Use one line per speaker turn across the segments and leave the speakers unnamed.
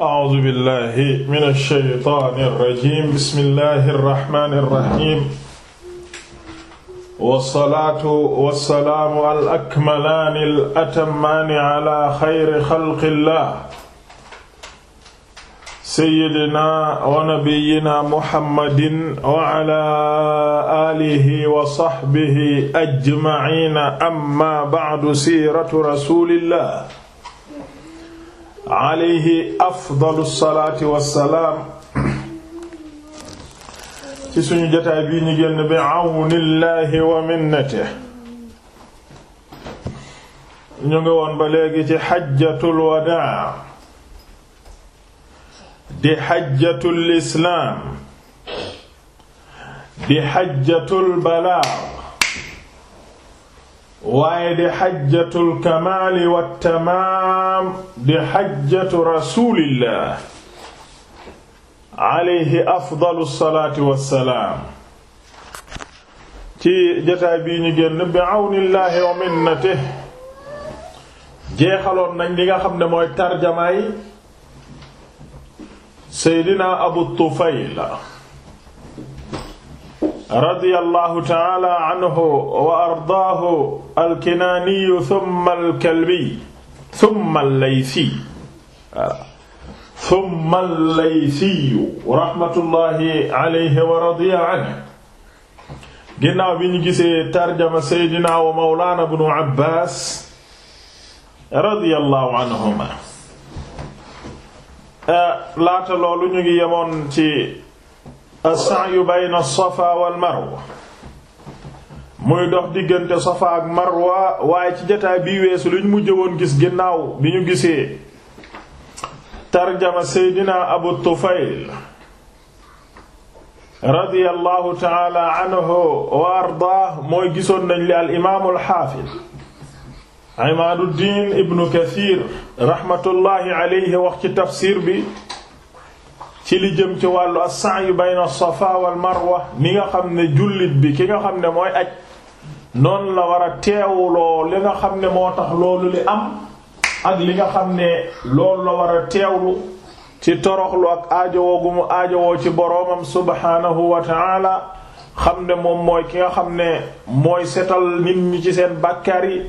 a'uuzu billahi mina shaytaani rajiim bismillahi rahmaani rahiim wasalaatu wasalaamu al akmalaani al atammaani ala xayri xalqillah sayyidina wa nabiyyina muhammadin wa ala alihi wa sahbihi ajmaciina amma ba'du siiratu rasulillah alayhi afdalu salaati wassalaam ci suñu jotaay bii ñu génn bi awnillahi wa minnatihi ñu ngi woon ba léegi ci xajjatul wadaa di xajjatul islaam di xajjatul balaa waaye di xajjatul kamaali wattamaam di xajjatu rasulillah alayhi afdalu salaatu wassalaam ci jotaay bii ñu génn bi awnillahi wa minnatihi jeexaloon nañ li nga xam ne mooy tarjamaay seydina abu tufayla radiyallahu ta'ala anhu wa ardaahu al-Kinaaniyu thumma al-Kalbiyu thumma al-Laysiyu thumma al-Laysiyu rahmatullahi alayhi wa radiya anhu ginnaaw bi ñu gisee tarjama Seydina wa Mawlaana Ibnu Abbaas radiyallahu anhumaa eh, laata loolu ñu ngi yemoon ci as-sa'yu bayna as-safa wal marwa muy dox diggante safa ak marwa waaye ci jotaay bii luñ mujj woon gis ginnaaw bi ñu gisee tarjama seydina abu tufayl radiyallahu taala anhu wa ardaah mooy gisoon nañ li al imaamu al xaafid imaaduddin ibnu kathir rahmatullahi alayhi wax ci tafsir bi ci li jëm ci wàllu as yu bayna safa wal marwa ni nga xam ne jullit bi ki nga xam ne mooy aj noonu la war a teewloo li nga xam ne moo tax loolu li am ak li nga xam ne loolu la war a teewlu ci toroxlu ak aajowoo gu mu aajowoo ci boroomam subhaanahu wa ta'ala xam ne moom mooy ki nga xam ne mooy setal nit ñi ci seen bàkkaar yi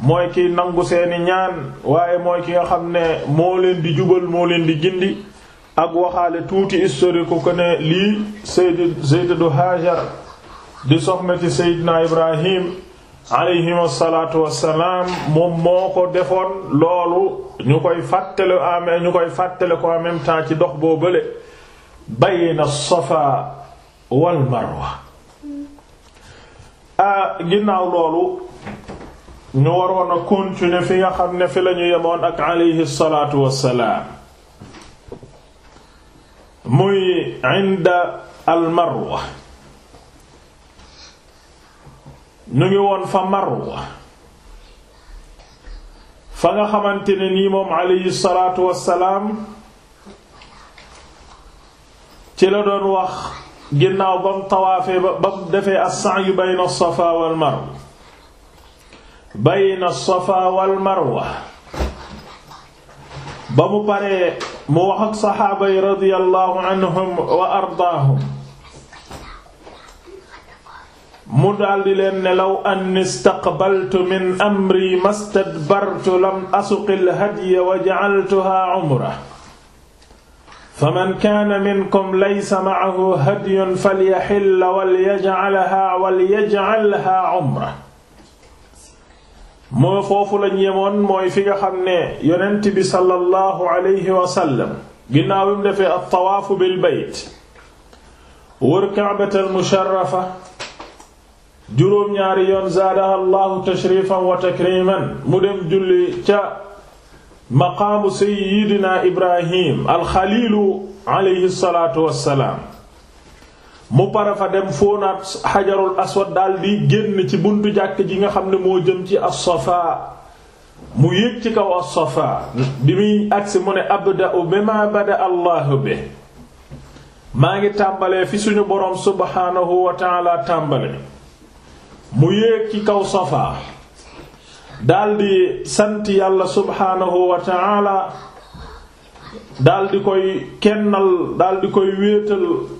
mooy kiy nangu seeni ñaan waaye mooy ki nga xam ne moo leen di jubal moo leen di gindi ak waxaale tuuti historique ko ne lii sayyid sayyidatu Hajar di soxna ci sayyidina Ibrahim alayhim salaatu wassalaam moom moo ko defoon loolu ñu koy fàttale amee ñu koy fàttale ko en temps ci dox boo bële bayna Safa wal Marwa ginnaaw loolu ñu waroon a continuer fi nga xam ne fi lañu yemoon ak alayhi salaatu wassalaam muy inda al marwa ñu ngi woon fa marwa fa nga xamante ne nii moom alayhi salaatu salaam ci la doon wax ginnaaw ba mu tawaafee ba mu defee as-sa'y bayna as-safa wal marwa bayna as marwa ba mu paree mu wax ak saxaaba yi radiyallahu anhum wa ardaahum mu daldi leen ne law an istaqbaltu min amri mastadbartu lam asuqil hadiya wa ja'altuha umra faman kaana minkum laysa ma'ahu hadyun falyahilla walyaj'alha walyaj'alha umra moo foofu lañ yemoon mooy fi nga xam ne yonent bi sallallahu alayhi wa sallam ginnaaw bi mu defee at-tawaafu bil bayt wër ka'batal musharrafa juróom ñaari yoon zaadaha allahu tashrifan wa takriman mu dem julli ca maqaamu sayyidina ibrahim al-xaliilu alayhi salaatu wassalaam mu pare fa dem foonaat xajarul aswad daldi génn ci buntu jàkk ji nga xam ne moo jëm ci as-Safa mu yéeg ci kaw as bi muy agsi mu ne abda'u bima bada allahu bi maa ngi tàmbalee fi suñu boroom subhaanahu wa ta'ala mu yéeg ci kaw Safa daldi sant yàlla subhaanahu wa ta'ala daldi koy kennal daldi koy wéetal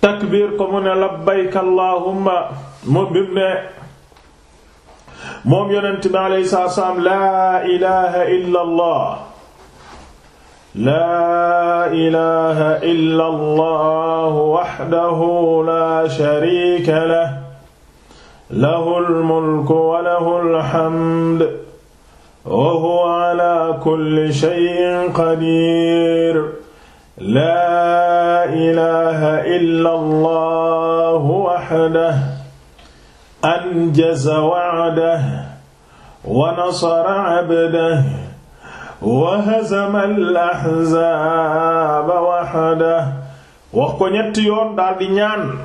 takbiir ko mu ne labbayka allahumma moom bi mu ne moom yonent bi alayhi salaatu salaam laa ilaha illa allah laa ilaha illa allah wahdahu laa shariika lahu lahul mulku wa lahul hamd wa huwa alaa kulli shay'in qadiir laa ilaha illa allah waxdah anjaza wacdah wa nasara wa hazama alaxzaaba waxdah wax ko ñetti yoon daal di ñaan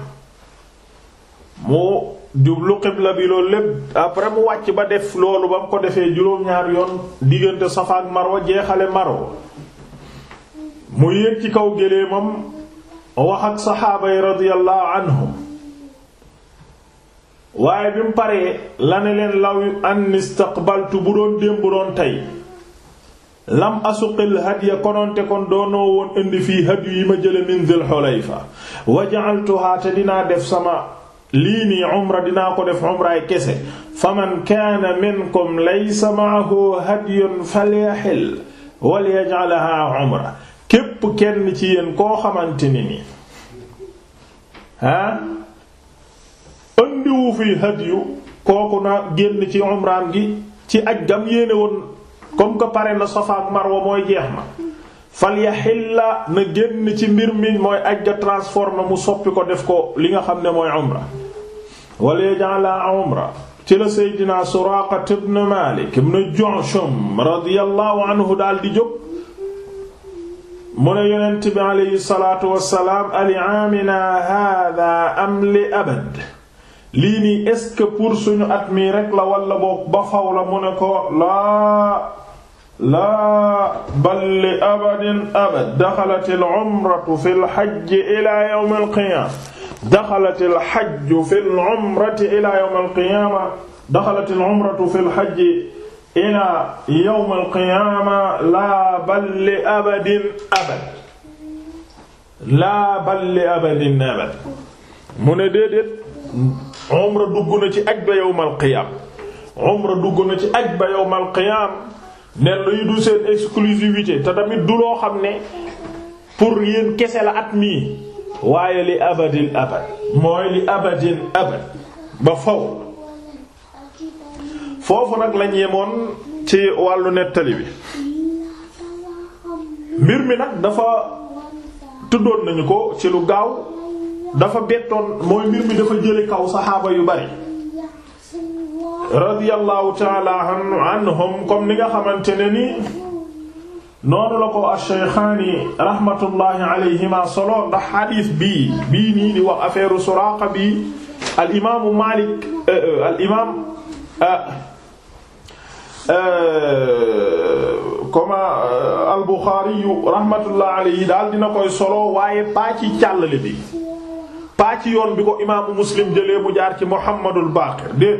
mu jublu xibla bi loolu après mu wàcc ba def loolu ba mu ko defee juróom-ñaar yoon diggante Safa ak Marwa jeexale Marwa mu yéeg ci kaw géléemam wax ak saxaaba yi radiyallahu anhum waaye bi mu paree la leen law an istaqbaltu bu doon démb doon tey lam asuqil hadiya kononte kon doonoo woon indi fii hadiyu yi ma jële min Dhul Hulayfa wa ja'altuha te dinaa def sama lii nii umra ko def umraay kese faman kaana minkum laysa ma'ahu hadiyun falyaxil walyaj'alha umra képp kenn ci yéen koo xamante ni ni ah andiwu fi hadiyu kooku na génn ci umraam gi ci aj gam yéene woon comme que pare na Safa ak Marwa mooy jeex na falyaxilla na génn ci mbir mi mooy aj ga transformé mu soppi ko def ko li nga xam ne mooy umra wala yaj'ala umra ci la Seydina Suraaqa ibn Maalik ibn Ju'shum radiyallahu anhu daal di jóg mu ne yonent bi aleyhi salaatu wassalaam ali amina hada am li abad lii nii est-ce que pour suñu at mii rek la walla boog ba faw la mu ne ko laa laa bal li abadin abad daxalat al umratu fi al hajj ila yawm al qiyaama daxalat al hajj fi al umrati ila yawm al qiyaama daxalat al umratu fi al hajj ila yawm alqiyaama laa bal li abadin abad laa bal li abadin abad mu ne déedéet umra dugg na ci aj ba yawm alqiyaam umra dugg na ci aj ba yawm alqiyaam ne luy du seen exclusivité te tamit du loo xam ne pour yéen kese la at mii waaye li abadin abad mooy li abadin abad ba faw foofu nag la yemoon ci wàllu nettali bi mbir mi nag dafa tuddoon nañu ko ci lu gaaw dafa bettoon mooy mbir mi dafa jële kaw saxaaba yu bari radiyallahu ta'ala anhum comme ni nga xamante ne ni noonu la ko ash-shaykhaani rahmatullahi alayhima solo ndax xadiis bii bii nii di wax affaire Suraaqa bi al imaamu Maalik euh, euh, al imaam euh, Euh, comme euh, al-Bukhari yu rahmatullah alayhi daal dina koy solo waaye paa ci càllale bi paa ci yoon bi ko imaamu Muslim jëlee mu jaar ci Muhammadul Baqir de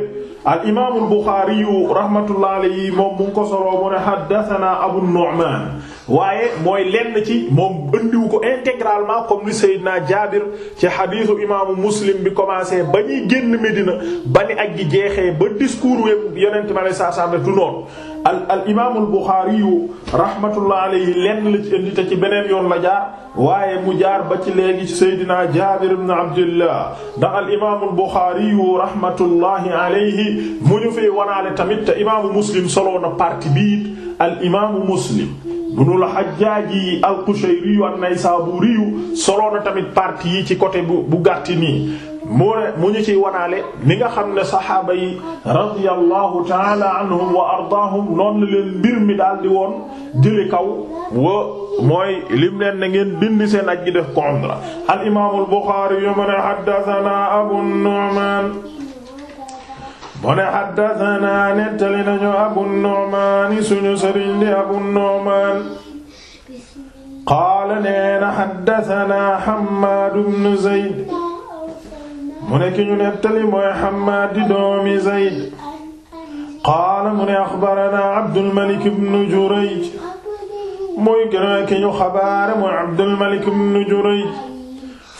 al imaamul Buxaari yu rahmatullahi alayhi moom mu ngi ko soloo haddathana Abu Nu'man waaye mooy lenn ci moom ëndiwu ko intégralement comme li Seydina Jaabir ci xadiisu imaamu Muslim bi commencé ba ñuy génn Medina ba ni ak gi jeexee ba discours yëpp yonent ma lay saa saa du noonu al al imaamul rahmatullahi alayhi lenn la ci beneen yoon la jaar waaye mu jaar ba ci léegi ci Seydina Jaabir ibn Abdillah ndax al imaamul Buxaari yu rahmatullahi alayhi bii mu ñu fi wanaale tamit te imaamu muslim solo na partie bii al imaamu muslim bunul Hajjaaji al-Qushayri an-Naysaburi solo na tamit partie yi ci côté bu bu gàtti nii mu ne mu ñu ciy wanaale li nga xam ne saxaaba yi radiyallahu taala anhum wa ardaahum noonu leen mbir mi daal di woon jëli kaw wa mooy lim leen na ngeen dindi seen aj gi def ko umra al imaamul yu mu ne haddasanaa Abu Nu'maan mu ne xaddatanaa nettali nañu abu nu'maan suñu sëriñ di abu nu'maan qaala neena xaddatanaa xammaadu bnu zayd mu ne ki ñu nettali mooy xammaad di doomi zayd qaala mu ne axbaranaa abdulmalik bnu jurayj muy gëna ki ñu xabaare mooy abdulmalik bnu jurayj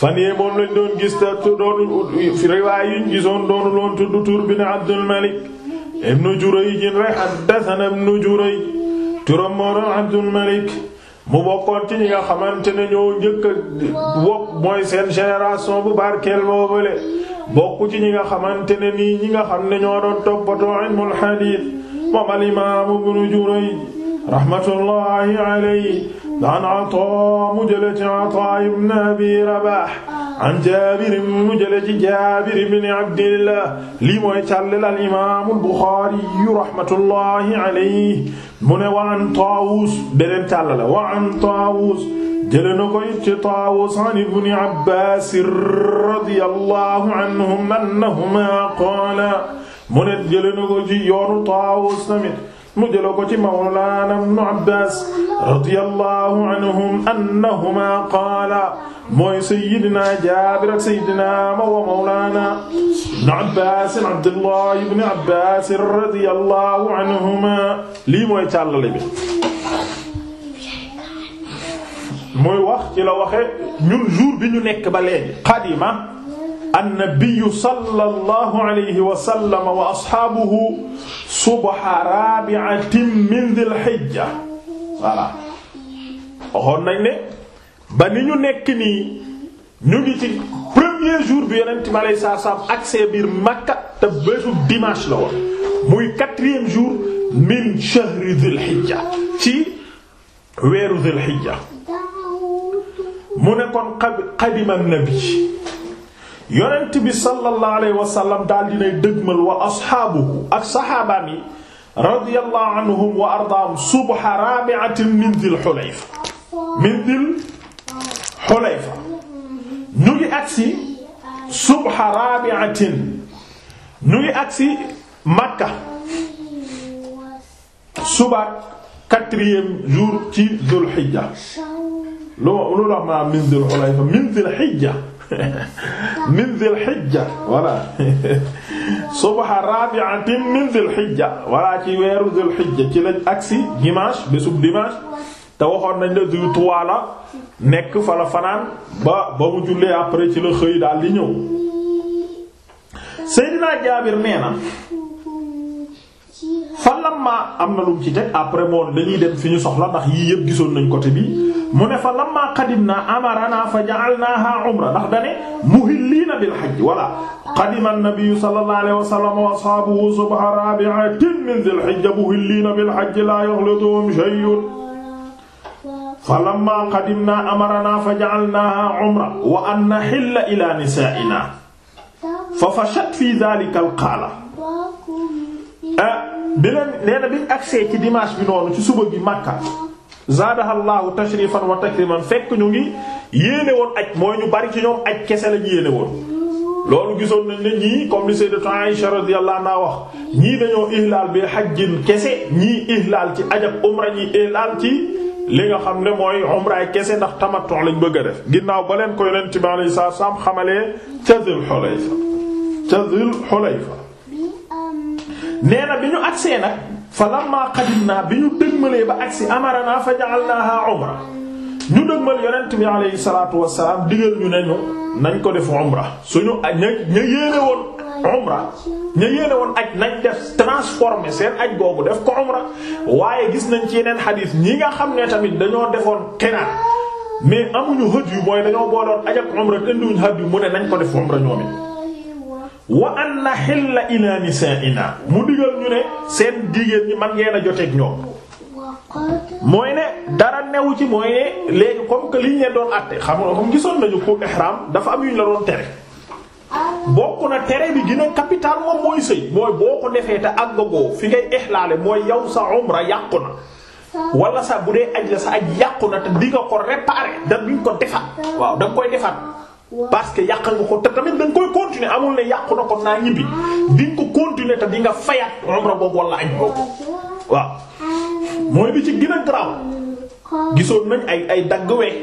fan yee moom lañ doon gis te doon riwaay yiñ gisoon doonu loon tudd tur bi ne Abdul Malik ibnu Jurayj rek haddathana ibnu Jurayj turam moo doon Abdul Malik mu bokkoon ci ñi nga xamante ne ñoo njëkk a bokk mooy génération bu barkeel boobale bokk ci ñi nga xamante ne nii ñi nga xam ne ñoo doon toppatoo ilmul hadith moom al imaam ibnu Jurayj rahmatullahi alayhi an Ataa mu jële ci Ataa ibn Abi Rabaah an Jaabir mu jële ci Jaabir ibn Abdillah lii mooy càllal al imaam al Buxaari rahmatullahi alayhi mu ne wa an Taawus beneen càll la wa an Taawus jële na koy ci Taawus an ibni Abbaas radiyallahu anhum annahuma qaala mu ne jële na ko ci yoonu Taawus tamit mu jëla ko ci mawlaana ibnu abbaas radiyallahu anhum annahuma qaala mooy sayyidina jaabir ak sayyidina wa mawlaana ibnu abbaas abdullah ibnu abbaas radiyallahu anhuma lii mooy càllale bi muy wax ci la waxe ñun jour bi ñu nekk ba léegi qadima annabiyu sallallahu alayhi wa sallam wa asxaabuhu subha rabi'atin min dhil hijja voilà waxoon nañ ne ba ni ñu nekk nii ñu ngi ci premier jour bi yonent mi alayhi salaatu salaam accès biir Makka te bésu dimanche la woon muy quatrième jour min shahri dhil hijja ci weeru dhil hijja mu ne kon qadima nabi yonent bi sallallahu alayhi wa sallam daal dinay dëgmal wa asxaabuhu ak saxaabaam yi radiyallahu anhum wa ardaahum subha rabi'atin min dil xulayfa min dil xulayfa ñu ngi agsi subha rabi'atin ñu ngi agsi Makka suba quatrième jour ci dul xijja lu lu la ma min dil xulayfa min dil xijja min dhil hijja voilà subha rabi'atin min dhil hijja voilà ci weeru dhil hijja ci lañ agsi dimanche bésub dimanche te waxoon nañ la du trois la nekk fa la fanaan ba ba mu jullee après ci la xëy daal di ñëw Seydina Jaabir nee na fa lamma am na lu mu ci teg après moom dañuy dem fi ñu soxla ndax yii yëpp gisoon nañ côté bi mu ne fa lamma qadimna amarana fa ja'alnaha umra ndax dane muhillina bil hajj wala qadima an-nabiy sallallahu alayhi wa sallam wa ashabuhu subha rabi'atin min dhil hijja muhillina bil hajj la yughlituhum shay'un falamma qadimna amarna fa ja'alnaha umra wa an nahilla ila nisaa'ina fa fashat fi dhalika al-qaala eh? bi leen nee na biñ agsee ci dimanche bi noonu ci suba bi Makka zaadahallahu tashrifan wa takriman fekk ñu ngi yéene woon aj mooy ñu bari ci ñoom aj kese lañu yéene woon loolu gisoon nañ ne ñii comme li sayyidatu Aisha radiyallahu anha wax ñii dañoo ihlaal bi hajjin kese ñii ihlaal ci aj ak umra ñii ihlaal ci li nga xam ne mooy umraay kese ndax tamattu lañ bëgg a def ginnaaw ba leen ko yonent bi alayhi salaam xamalee ca Dul Hulayfa ca Dul Hulayfa nee na bi ñu agsee nag fa lamma qadimna bi ñu dëgmalee ba agsi amarana fa ja'alnaha umra ñu dëgmal yonent bi alayhi salaatu wassalaam digal ñu ne ñu nañ ko def umra suñu aj ña ña yéene woon umra ña yéene woon aj nañ def transformer seen aj googu def ko umra waaye gis nañ ci yeneen xadiis ñi nga xam ne tamit dañoo defoon kenaan mais amuñu hëdd yu mooy dañoo booloon aj ak umra indiwuñu hëdd yu mu ne nañ ko def umra ñoom it wa anna xilla ina nisaa'ina mu digal ñu ne seen jigéen ñi man ngeen a joteeg ñoom mooy ne dara newu ci mooy ne léegi comme que liñ leen doon àtte xam nga comme gisoon nañu ko ihram dafa am yuñ la doon tere bokk na tere bi gën a capital moom mooy sëy mooy boo ko defee te ak àggagoo fi ngay ihlaale mooy yow sa umra yàqu na wala sa bu dee aj la sa aj yàqu na te di nga ko réparer da duñ ko defaat waaw da koy defaat parce que yàqal nga ko te tamit da nga koy continuer amul ne yàqu na kon naa ñibbi di ko continuer te di nga fayat umra waaw mooy bi ci gën a garaaw gisoon nañ ay ay daggwee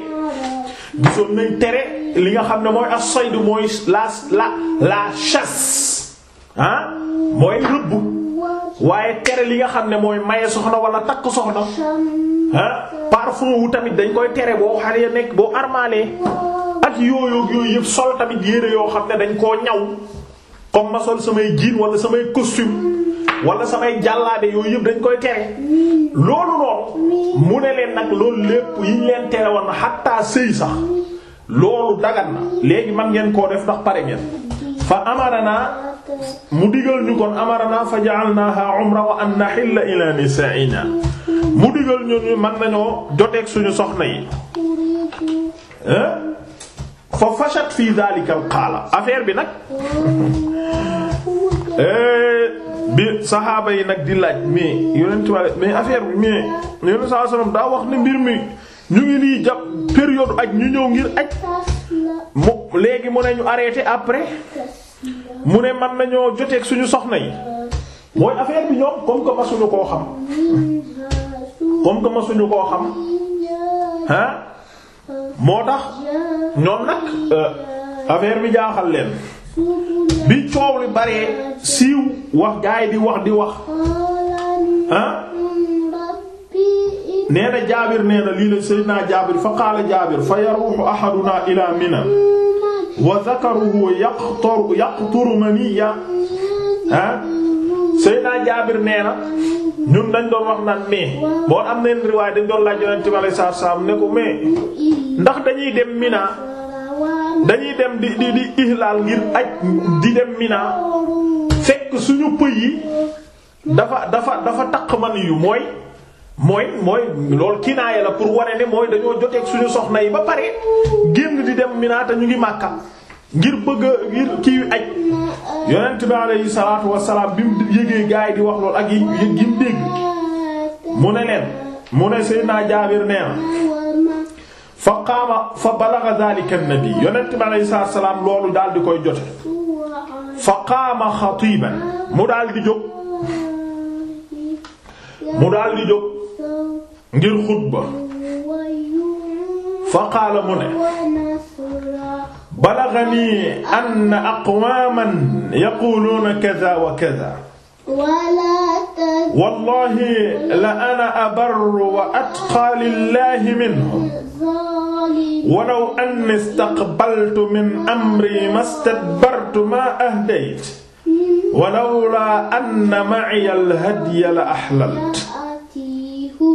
gisoon nañ tere li nga xam ne mooy as-sayd mooy la la la chasse ah mooy rëbb waaye tere li nga xam ne mooy maye soxna wala takk soxna ah wu tamit dañ koy tere boo xale nekk boo armaalee ak yooyu yooyu yëpp sol tamit yére yoo xam ne dañ koo ñaw comme ma sol samay jiin wala samay costume wala samay jàllaabe yooyu yëpp dañ koy tere loolu noonu mu ne leen nag loolu lépp yiñ leen tere woon na xattaa sëy sax loolu dagan na léegi mag ngeen koo def ndax pare ngeen fa amaranaa mu digal ñu kon amaranaa fa ja'alnaaha umra wa an nahilla ila nisaa'ina mu digal ñun ñu mën nañoo joteeg suñu soxna yi fa fashat fi dhalika alqaala affaire bi nag
eh,
bi saxaaba yi nag di laaj mais yonent mais affaire bi mais yonent saa sallam daa wax ne mbir mi ñu ngi nii jàpp période ak ñu ñëw ngir aj mu léegi mu ne ñu arrêté après mu ne man nañoo joteeg suñu soxna yi mooy affaire bi ñoom comme que masuñu koo xam comme que masuñu koo xam ah. moo tax ñoom nag euh, affaire bi jaaxal leen bi coow li baree siiw wax gaay di wax di wax ah nee na jaabir nee na lii la sayyidina jaabir fa qaala jaabir fa yaruuhu ahaduna ila mina wa dhakaruhu yaqtur yaqtur maniya ah sayyidina jaabir nee na ñun dañ doon wax naan mais boo am neen riwaay dañ doon laaj yonent bi alayhi ne ko mais ndax dañuy dem Mina dañuy dem di di di ihlaal ngir aj di dem Mina fekk suñu pëy yi dafa dafa dafa takk man yu mooy mooy mooy loolu kinaaya la pour ware ne mooy dañoo joteeg suñu soxna yi ba pare génn di dem Mina te ñu ngi Makka ngir bëgg a ngir kii aj yonent bi alayhi salaatu wassalaam bi mu yëgee di wax lool ak yi yi mu dégg ne leen mu ne Seydina Jaabir
nee
fa qaama fa balagha dhalika an yonent bi alayhi salaatu loolu daal koy jote fa qaama xatiiban mu daal jóg
mu daal jóg
ngir xutba fa qaala mu ne balaghanii anna aqwaaman yaquluuna kaza wa kaza. wallaahi la ana abarru wa atqaa lillaahi minhum. walaw anni istaqbaltu min amrii mastadbartu maa ahdaytu. walawlaa anna ma'iya al-hadya la ahlaltu.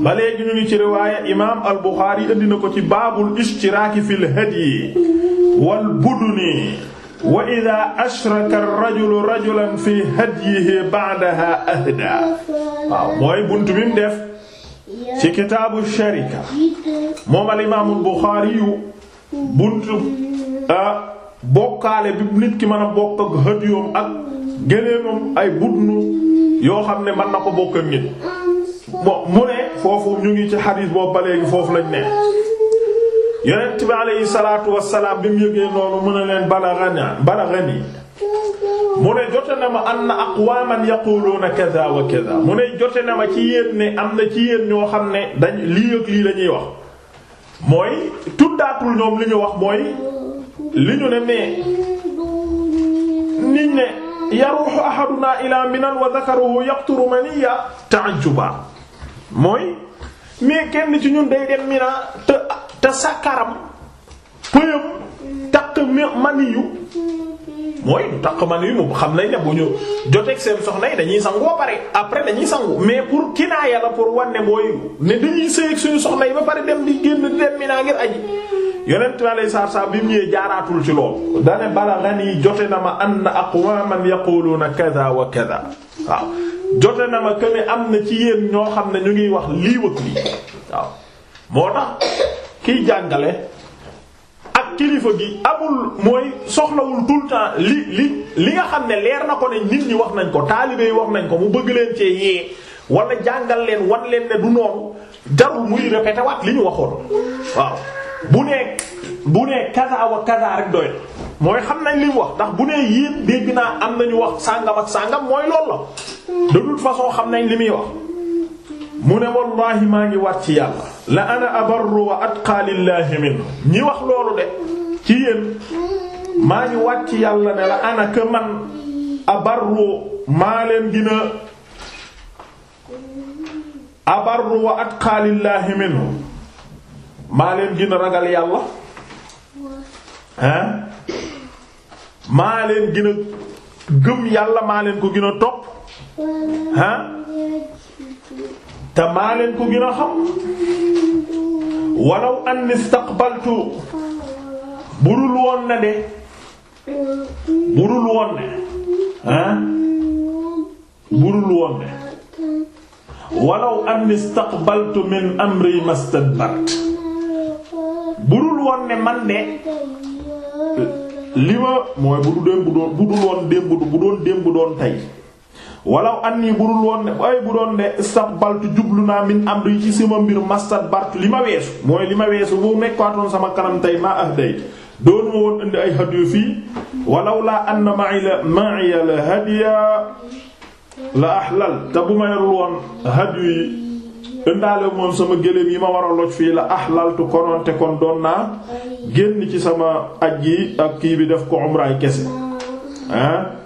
ba léegi ñu ngi ci riwaaya imaam al-Buxaari indi na ko ci baabul ishtiraaki fil hadyi. wal buduni wa idaa ashraka ar-rajulu rajulan fi hadyihi ba'daha ahdaa
waaw mooy buntu bi mu def ci
kitaabu sharika moom al imaam al-Buxaari bokkaale nit ki mën a bokk ak hadiyoom ak gëléemam ay budnu yoo xam ne mën na ko bokk ak nit bon mu ne foofu ñu ngi ci xadiis boobu ba foofu lañ ne yonent bi aleyhi salaatu wassalaam bi mu yëgee noonu mu ne leen balaghana balaghani mu ne jote na ma anna aqwaman yaquluna kadha wa kadha mu ne jote na ma ci yéen ni am na ci yéen ñoo xam ne dañ lii ak la ñuy wax mooy tuddaatul ñoom li ñu wax mooy li ñu ne mais
niñ ne yaruhu
ahaduna ila minan wa dhakaruhu yaqturu maniya ta'ajjuba mooy mais kenn ci ñun day dem mina te te sàkkaram pëyam takk maniyu mooy du takk maniyu moom xam nañ ne bu ñu joteeg seen soxna yi dañuy sangu ba pare après dañuy sangu mais pour kinaaya la pour wanne mooy ne dañuy sëy suñu soxna yi ba pare dem di génn di dem Mina ngir aji yonent bi alayhi salaatu salaam bi mu ñëwee jaaraatul ci loolu dane balaghani jote na ma an aqwaman yaquluna kadha wa waaw jote na ma que am na ci yéen ñoo xam ne ñu ngiy wax lii wëg lii waaw moo tax kiy jàngale ak kilifa gi amul mooy soxlawul dul le temps li li li nga xam ne leer na ko nañ nit ñi wax nañ ko taalibe wax nañ ko mu bëgg leen cee yee wala jàngal leen wan leen ne du noonu jarul muy répété waat li ñu waxoon waaw bu nee bu ne kaza wa kaza doy mooy xam nañ li wax ndax bu nee yéen dégg naa am nañu wax sàngam ak sàngam mooy loolu la de toute façon xam nañ li muy wax mu ne wallaahi maa ngi wat ci yàlla la ana abarru wa atqa lillahi min ñi wax loolu de ci yéen maa ngi wàcc yàlla ne la ana ka abarru maa leen gën abarru wa atqa lillahi min maa leen gën a ragal yàlla hein maa leen gën gëm yàlla maa leen ko gën a topp hein te maa leen ko gën a xam walaw an istaqbaltu budul woon na de budul woon ne ah budul woon ne walaw an istaqbaltu min amri mastadbart budul woon ne man de li ma mooy budul démb doon budul woon bu doon démb doon tey. walaw anni bu dul bu doon de istaqbaltu jublu naa min amri ci sama mbir mastadbartu li ma weesu mooy li ma weesu bu nekkaatoon sama kanam tey maa ahdayt doonu ma woon indi ay hadiyu fii walaw laa anna ma'iya ma'iya la hadiya la ahlal te bu ma yorul woon hadiyu yi indaale moom sama gëléem yi ma war a loj fii la ahlaltu konoon te kon doon naa génn ci sama aj yi ak kii bi def ko umraay kese ah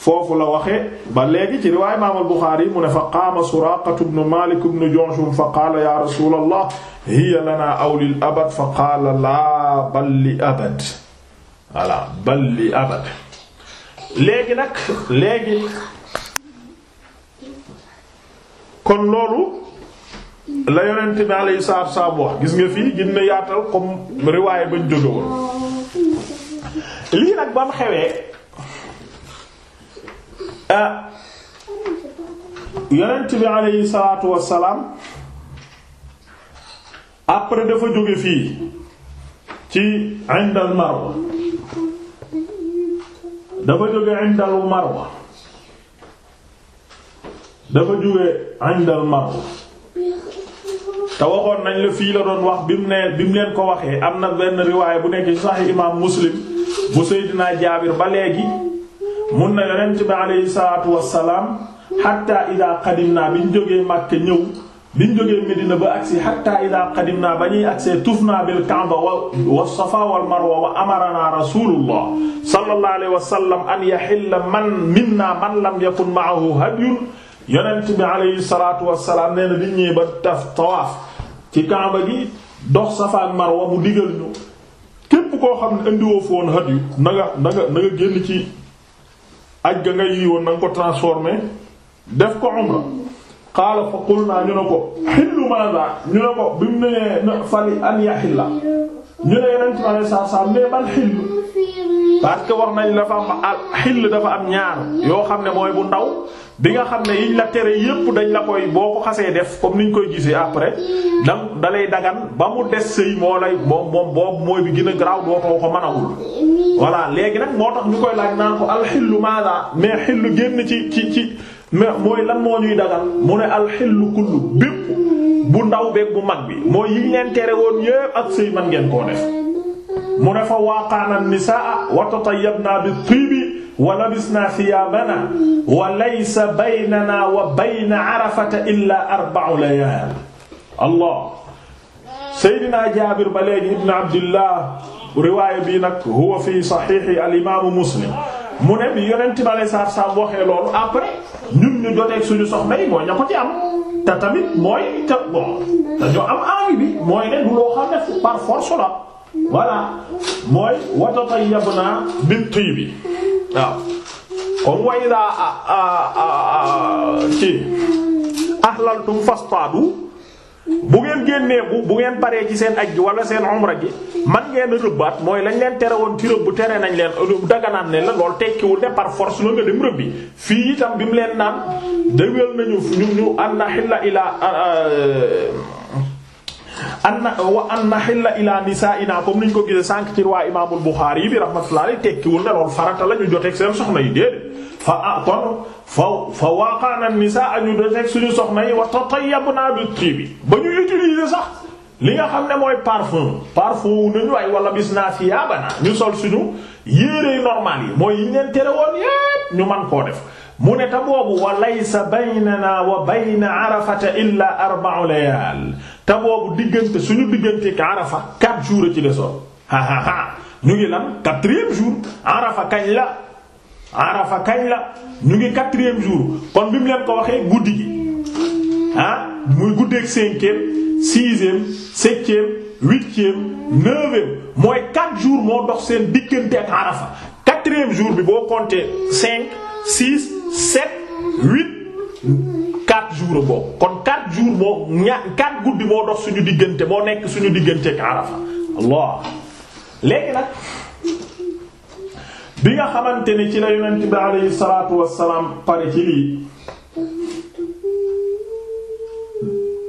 foofu la waxee ba léegi ci riwaay imaam al-Buxaari yi mu ne fa qaama Suraaqatu bnu Maalik bnu Ju'shum fa qaala yaa rasuulallah hiya lanaa aw lil abad fa qaala laa bal li abad voilà bal li abad léegi nag léegi kon loolu la yonent bi alayhi salaatu salaam wax gis nga fii gis na yaatal comme riwaay bañ jóge woon lii nag bam xewee ah yonent bi aleyhi salaatu wassalaam après dafa jóge fii ci indal marwa dafa jóge indal marwa te waxoon nañ la fii la doon wax bi mu leen ko waxee am na benn riwaay bu nekk ci Sahih imaam Muslim bu Seydina Jaabir ba léegi mun na yonent bi aleyhi salaatu wassalaam xatta ida qadimna biñ jógee Makka ñëw biñ jógee Medina ba agsi xatta ida qadimna ba ñuy agsee tufna bil Kaaba wa wa Safa wal Marwa wa amarana rasulullah sallallahu wa sallam an yaxilla man minna man lam yakun maahu hadyun yonent bi aleyhi salaatu wassalaam nee na biñ ñëwee ba taf tawaaf ci Kaaba gi dox Safa Marwa mu digal ñu képp koo xam ne indiwoo foon hadyu na nga na nga na nga génn ci aj ga nga yii woon na nga ko transformé def ko umra qaala fa qulnaa ñu ne ko xillu maada ñu ne ko bi mu ne fali an yaxilla ñu ne yeneen ci wàllu saabsaab mais ban xill parce que wax nañ dafa am xill dafa am ñaar yoo xam ne mooy bu ndaw bi nga xam ne yiñ la tere yépp dañ la koy boo ko xasee def comme niñ koy gisee après da dalay dagan ba mu des sëy moo lay moom moom boobu mooy bi gën garaaw dootoo ko mënawul. voilà léegi nag moo tax ñu koy laaj naan ko al xillu maanaam mais xillu génn ci ci ci. mais mooy lan moo ñuy dagal mu ne alxillu kullu bépp bu ndaw beeg bu mag bi mooy yi ñu leen tere woon yépp ak man ngeen koo def mu ne fa waaqaana nisaa wa tatayyabna bi tiibi wa labisna thiyaabana wa laysa baynana wa bayna arafata illa arba'u layaal allah seydina jaabir ba léegi ibn abdillah riwaaya bi huwa fi saxiixi al imaamu muslim mu bi yonent bi alayhi salaatu wa ñun ñu joteeg suñu soxna yi mooy ña ko ci am te tamit mooy te bon dañoo am envie bi mooy ne du loo xam ne par force la voilà mooy watatayyabna bit tayyibi waaw comme way daa ci ahlaltum fastadu bu ngeen génnee bu bu ngeen baree ci seen aj gi wala seen umra gi man ngeen rëbbaat mooy lañ leen tere woon ci rëbb tere nañ leen daganaan ne la lool tekkiwul ne par force la nga dem rëbbi fii tam bi mu leen naan dëggal nañu ñu ñu anna xilla ilaa anna wa anna xilla ila nisaa'ina comme niñ ko gisee sànq ci riwaa imaamul Buxaari yi bi rahmatullahi alayhi tekkiwul ne loolu farata la ñu joteeg seen soxna yi déedéet fa ah kon fa fa waaqaana nisaa ñu joteeg suñu soxna yi wa tatayyabna bi tibi ba ñu utiliser sax li nga xam ne mooy parfum parfum nañu waay wala bis naa siyaabana ñu sol suñu yéere normal yi mooy yi leen tere woon yépp ñu man koo def mu ne ta boobu wa laysa baynana wa bayna arafata illa arba'u layaal te boobu diggante suñu diggante ak Arafa quatre jours a ci desoon ñu ngi lan quatrième jour Arafa kañ la Arafa kañ la ñu ngi quatrième jour kon bi mu leen waxee guddi gi ah muy guddeeg cinquième sixième septième huitième neuvième mooy quatre jours moo dox seen diggante ak Arafa quatrième jour bi boo compter cinq six sept huit. jours boobu kon quatre jours moo ña quatre guddi moo dox suñu diggante moo nekk suñu diggante ak Allah léegi nag bi nga xamante ni ci la yonent bi alayhi salaatu wassalaam pare ci lii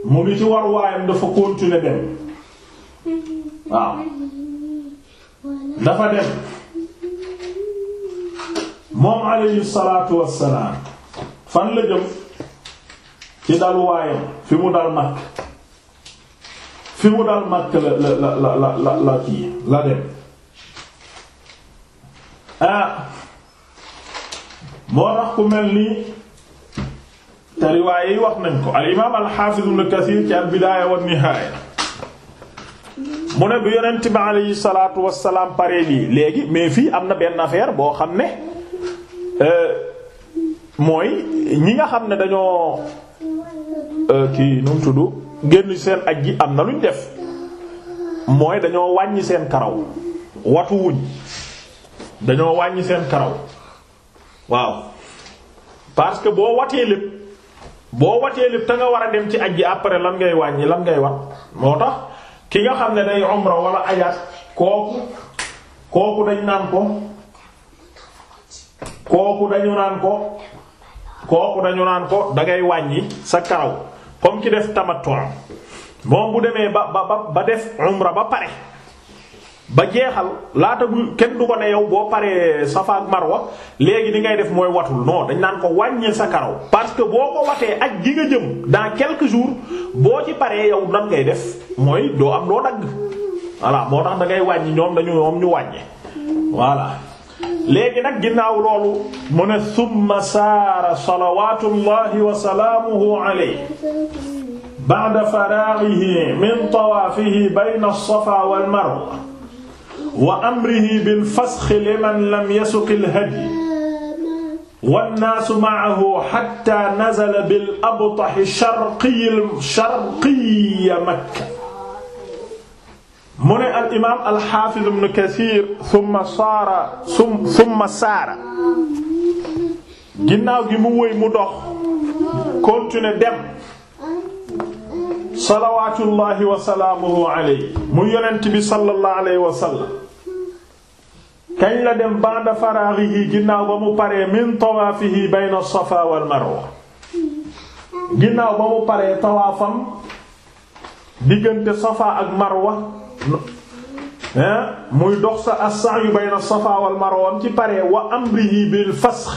mu ngi ci war waayam dafa continuer dem waaw dafa dem moom alayhi salaatu wassalaam fan la jëm ci dalwaayam fi mu dal Makka fi mu dal Makka la la la la la la la dem ah moo tax ku mel nii te riwaaye yi wax nañ ko al imaam al xaafiz Kasiir ci al bidaaya wa nihaaya mu ne bu yonent bi alayhi salaatu salaam pare lii léegi mais fii am na benn affaire boo xam ne euh, mooy ñi nga xam ne dañoo Euh, kii nu mu tudd génn seen aj gi am na luñ def mooy dañoo wàññi seen karaw watu wuñ dañoo wàññi seen karaw waaw parce que boo watee lépp boo watee lépp te nga war a dem ci aj gi après lan ngay wàññi lan ngay wat moo tax ki nga xam ne day umra wala ajaat kooku kooku dañ naan ko kooku dañu naan ko kooku dañu naan ko dangay wàññi sa karaw comme ki def tamattu moom bu demee ba ba ba def umra ba pare ba jeexal laata bu kenn du ko ne yow boo paree Safa ak Marwa léegi ni ngay def mooy watul non dañ naan ko wàññee sa karaw parce que boo ko watee ak gi nga jëm dans quelque jour boo ci paree yow nan ngay def mooy doo am loo dagg voilà moo tax da wàññi ñoom dañu ñoom ñu wàññi voilà léegi nag ginnaaw loolu mu ne summa saara salawatullahi wa salaamuhu alayhi ba'da faraghihi min tawaafihi bayna as-safa wal marwa wa amrihi bil fasxi liman lam yasuqi al-hadyi wan-naasu ma'ahu hatta nazala bil abtahi sharqiyyi sharqiyyi Makka mu ne al imaam al xaafiz ibn Kasiir summa saara summa saara ginnaaw gi mu wëy mu dox continuer dem salawaatullahi wa salaamuhu alayhi mu yonent bi sallallahu alayhi wa sallam kañ la dem ba'da faraaxihi ginnaaw ba mu paree min tawaafihi bayna safa wal marwa ginnaaw ba mu paree tawaafam diggante safa ak marwa muy dox sa as-sa'yu bayna safa wal marwa ci pare wa amrihi bil fasx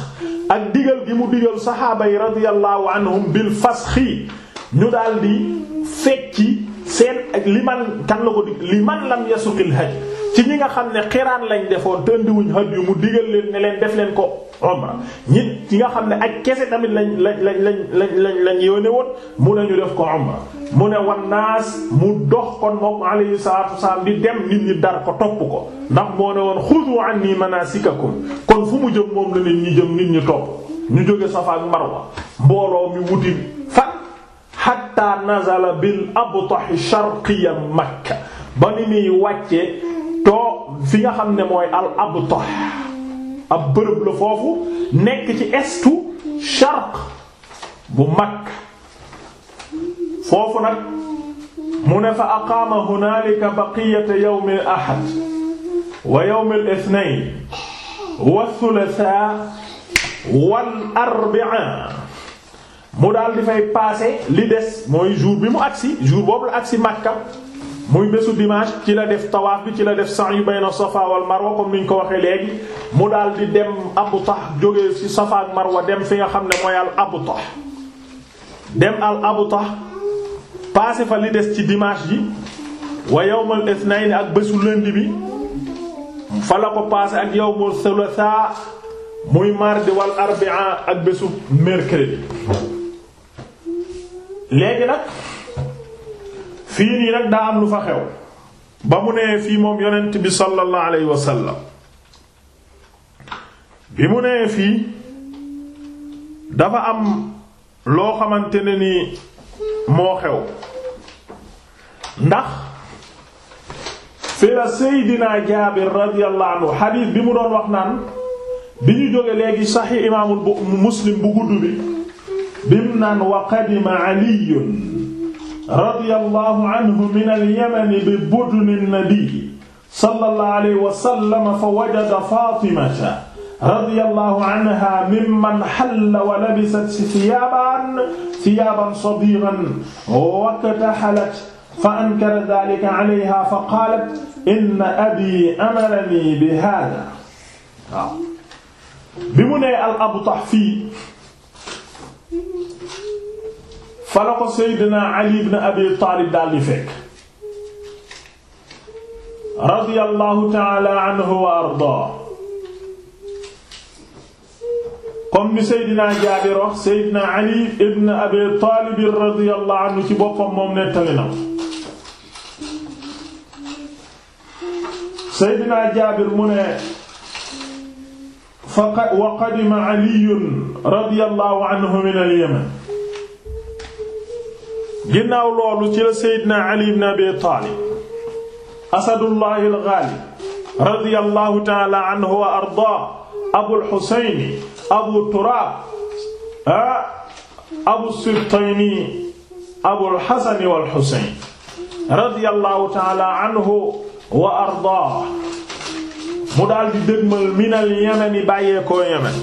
ak digal gi mu digal saxaaba yi radiyallahu anhum bil fasxi ñu daldi fekki seen li man kan la ko dig li man lam yasuqil haj ci ñi nga xam ne xiraan lañ defoon tëndiwuñ haj yu mu digal leen ne leen def leen ko umra ñi ci nga xam ne ak kese tamit lañ lañ lañ lañ lañ lañ lañ yónnee woon mu ne ñu def ko umra mu ne wan naas mu dox kon moom alayhi salaatu wasalaam di dem nit ñi dar ko topp ko ndax moo ne woon xudu anni manasikakum kon fu mu jëm moom la nit ñi jëm nit ñi topp ñu jóge Safa ak Marwa mbooloo mi wuti fa hatta nazala bil abtah sharqiya makka ba ni muy wàcce too fi nga xam ne mooy al abtah ab bërëb la foofu nekk ci estu sharq bu makka foofu nag mu ne fa aqaama hunaalika baqiyata yawm al ahad wa yawm al ithnayn wa thulatha wal arba'a mu daal di fay passé li des mooy jour bi mu agsi jour boobu la agsi Makka muy bésu dimanche ci la def tawaaf bi ci la def sa'i bayna Safa wal Marwa comme ni ñu ko waxee léegi mu daal di dem Abtah jógee ci Safa ak Marwa dem fi nga xam ne mooy al Abtah dem al Abtah passé fa li des ci dimanche ji wa yow yawmal ithnayn ak bésu lundi bi fa la ko passé ak yow yawmul thulatha muy mardi wal arbi'a ak bésu mercredi léegi nag fii nii nag daa am lu fa xew ba mu nee fii moom yonent bi sallallahu alayhi wa sallam bi mu nee fii dafa am loo xamante ne nii moo xew ndax fi la Seydina Jaabir radiyallahu anhu xadiis bi mu doon wax naan bi ñu jóge léegi saxi imaamul Muslim bu gudd bi bim naan wa qadima Aliyyun radiyallahu anhu min al-Yaman bi budni an-nabi sallallahu alayhi wa sallam fa wajada Fatimata radiyallahu anha mimman halla wa labisat thiyaaban thiyaaban sadiigan waktahalat fa ankara dhaalika alayha fa qaalat inna abii amaranii bi haadhaa. waaw bi mu nee al-Abu Tahfi fa la ko Seydina Ali ibn Abi Taalib daal di fekk radiyallahu ta'ala anhu wa ardaa comme ni Seydina Jaabir wax Seydina Ali ibn Abi Taalib radiyallahu anhu ci boppam moom nettali na Seydina Jaabir mu ne fa wa qadima Ali radiyallahu anhu min al-Yaman ginnaaw loolu ci la Seydina Ali ibn Abi Taalib asadullahi al-ghaalib radiyallahu ta'ala anhu wa ardaa Abul Husayni Abu Turaab ah Abu Sibtayni Abul Hasani wal Husayn radiyallahu ta'ala anhu wa ardaa mu daal di dégmal minal Yaman bàyyeekoo Yaman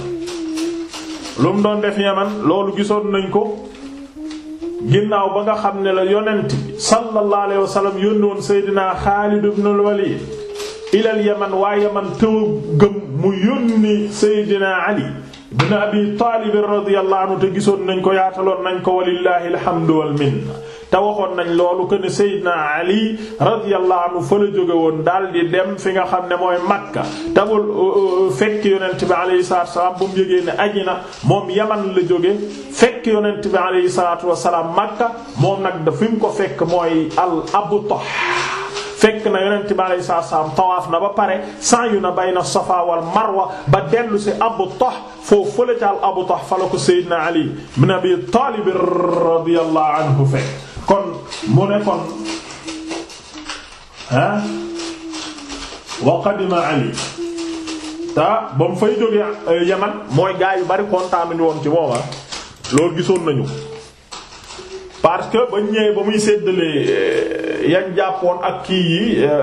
lu mu doon def Yaman loolu gisoon nañ ko. ginnaaw ba nga xam ne la yonent bi sallallahu alayhi wa sallam yónni woon Seydina Xaalid ibn al-Walid ilal Yaman waa Yaman tëw gëm mu yónni Seydina Ali ibn Abi Taalib radiyallahu anhu te gisoon nañ ko yaataloon nañ ko walillahi alhamdu wal minna te waxoon nañ loolu que ne Seydina Ali radiyallahu anhu fa la jóge woon daal di dem fi nga xam ne mooy Makka tabul euh, euh, fekk yonent bi alayhi salaatu wasalaam bu mu yëgee ne na la jóge fekk yonent bi alayhi salaatu wasalaam Makka moom nag da ko fekk mooy al Abtah fekk na yonent bi alayhi salaatu tawaaf na ba pare sa'yu na bayna Safa wa Marwa ba dellu si Abtah foofu fële ca al Abtah fa la ko Ali ibn Abi Talib radiyallahu anhu fekk kon mu ne kon ah wa qadima ali ta ba mu fay jóge eh, yaman mooy gaa yu bari kontaan nañu woon ci mooma loolu gisoon nañu parce que ba ñëwee ba muy seddalee eh, yañ jàppoon ak kii yi eh,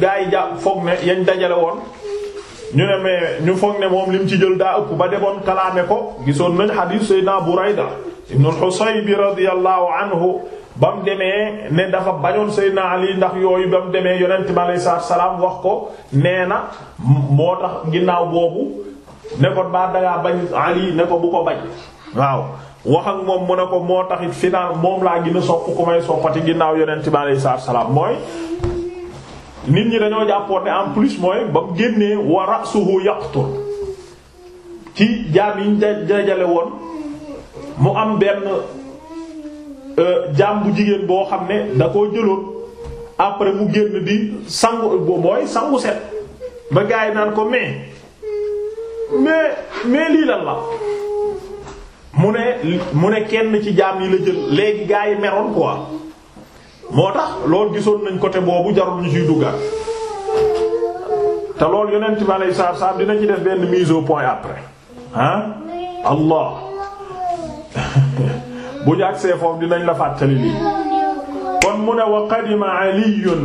gaa yi jàpp foog ne yañ dajale woon ñu ne mais ñu foog ne moom lim ci jël daa ëpp ba demoon kalaame ko gisoon nañ hadith sayyidina Burayda ibn al-Husayb radiyallahu anhu ba mu demee ne dafa bañoon Seydina Ali ndax yooyu ba mu demee yonent bi aleyhi salaam wax ko nee na moo tax ginnaaw boobu ne ko ba dangaa bañ Ali ne ko bu ko bañ waaw wax moom mu ne ko moo taxit final moom laa gën a sopp ku may soppati ginnaaw yonent bi aleyhi salaatu salaam mooy nit ñi dañoo jàppoon ne en plus mooy ba mu génnee wa ra'suhu yaqtul ci jaam yi ñu dajale woon mu am benn Euh, jaam bu jigéen boo xam ne da koo jëloon après mu génn di sangu booy sangu set ba gars yi naan ko mais mais mais lii lan la mu ne mu ne kenn ci jaam yi la jël léegi gars yi meroon quoi moo tax lool gisoon nañ côté boobu jarul ñu ciy duggaat te loolu yonent bi alayhi salaatu salaam dina ci def benn mise au point après ah Allah. bu ñu agsee foofu dinañ la fàttali lii kon mu ne wa qadima aliyun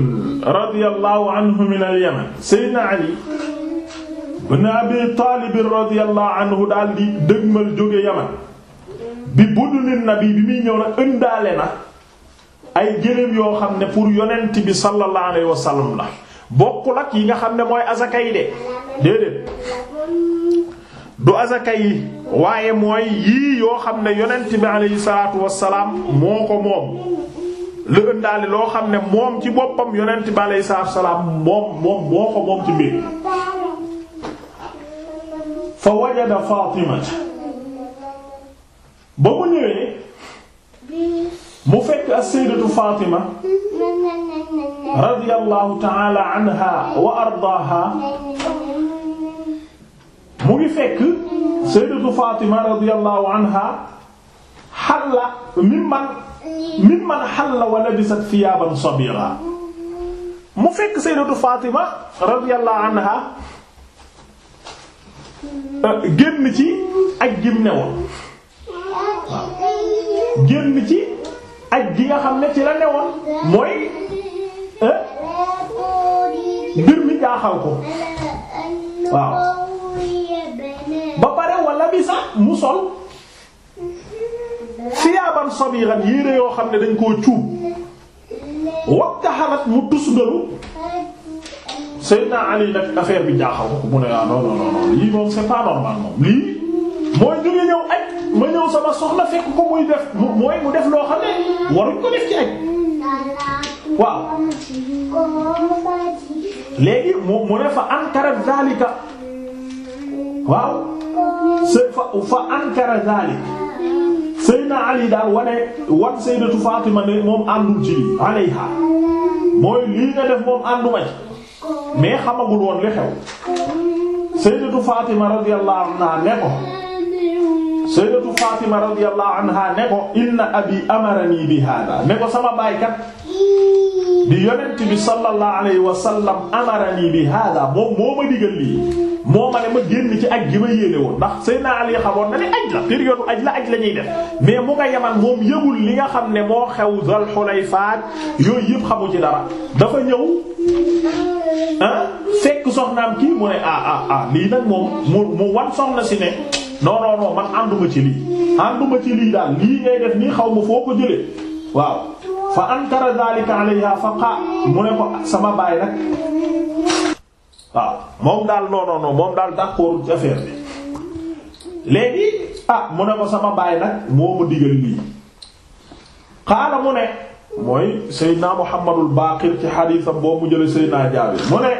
radiyallahu anhu min al-yaman sayyidina ali ibn abi taalib radiyallahu anhu daal di dëgmal jóge yaman bi budulin nabi bi muy ñëw na ëndaale na ay gëléem yoo xam ne pour yonent bi sallallahu alayhi wa la bokkul ak yi nga xam ne mooy azakay de déedéet du azaka waaye mooy yii yoo xam ne yonent bi alayhi salaatu wassalaam moo ko moom la ëndaale loo xam ne moom ci boppam yonent bi alayhi salaatu moom moom moom ci mbir fa wajada Faatimata ba mu ñëwee mu fekk as-sayyidatu Faatima radiyallahu ta'ala anha wa ardaaha mu ngi fekk sayyidatu Fatima radiyallahu anha xalla mimman mimman la wa labisat thiyaban sabira mu fekk sayyidatu Fatima radiyallahu anha euh, génn ci ak gim ne woon génn ci ak gi nga xam ne ci la ne woon mooy euh, mbir mi jaaxal ko mu sol siyaaban sabiran yére yoo xam ne dañ koo cuub wakka xalat mu tusngalu Seydina Ali nag affaire bi jaaxal ko mu ne ah non non non moom c'est pas normal moom lii mooy ma ñëw sama soxna ko muy def mooy mu def loo xam ne
waruñ ko def ci waaw
léegi mu ne fa ankara zalika waaw fa ankara zalik Seydina Ali daal wane wan Sayyidatu Fatima ne moom àndul ci mooy lii nga def moom ànduma ci mais xamagul woon li xew Sayyidatu Fatima radiyallahu anha ne ko Sayyidatu Fatima radiyallahu anha ne ko inna abi amarani bi hada ne ko sama baay kat bi yonent bi sallallahu alayhi wa sallam amarani bi hada moom moo ma digal lii moo ma ne ma ci aj gi ma yéene woon ndax Seydina Ali xamoon na ne aj la période aj la def mais mu nga yaman moom yëgul li nga xam ne moo xew Zul Xulayfa yooyu yëpp xamu ci dara dafa ñëw ah fekk soxnaam kii mu ne ah ah ah lii nag moom mu mu wan soxna si ne non man ànduma ci lii ànduma ci lii daal lii ngay def nii xaw ma foo ko jëlee waaw fa ankara dhalika alayha fa qaa mu ne ko sama baay nag waaw moom daal non moom daal d'accord ci affaire bi léegi ah mu ne ko sama baay nag moo ma digal lii xaala mu ne mooy Seydina ci xadiisam boo mu jële Seydina Jaabir mu ne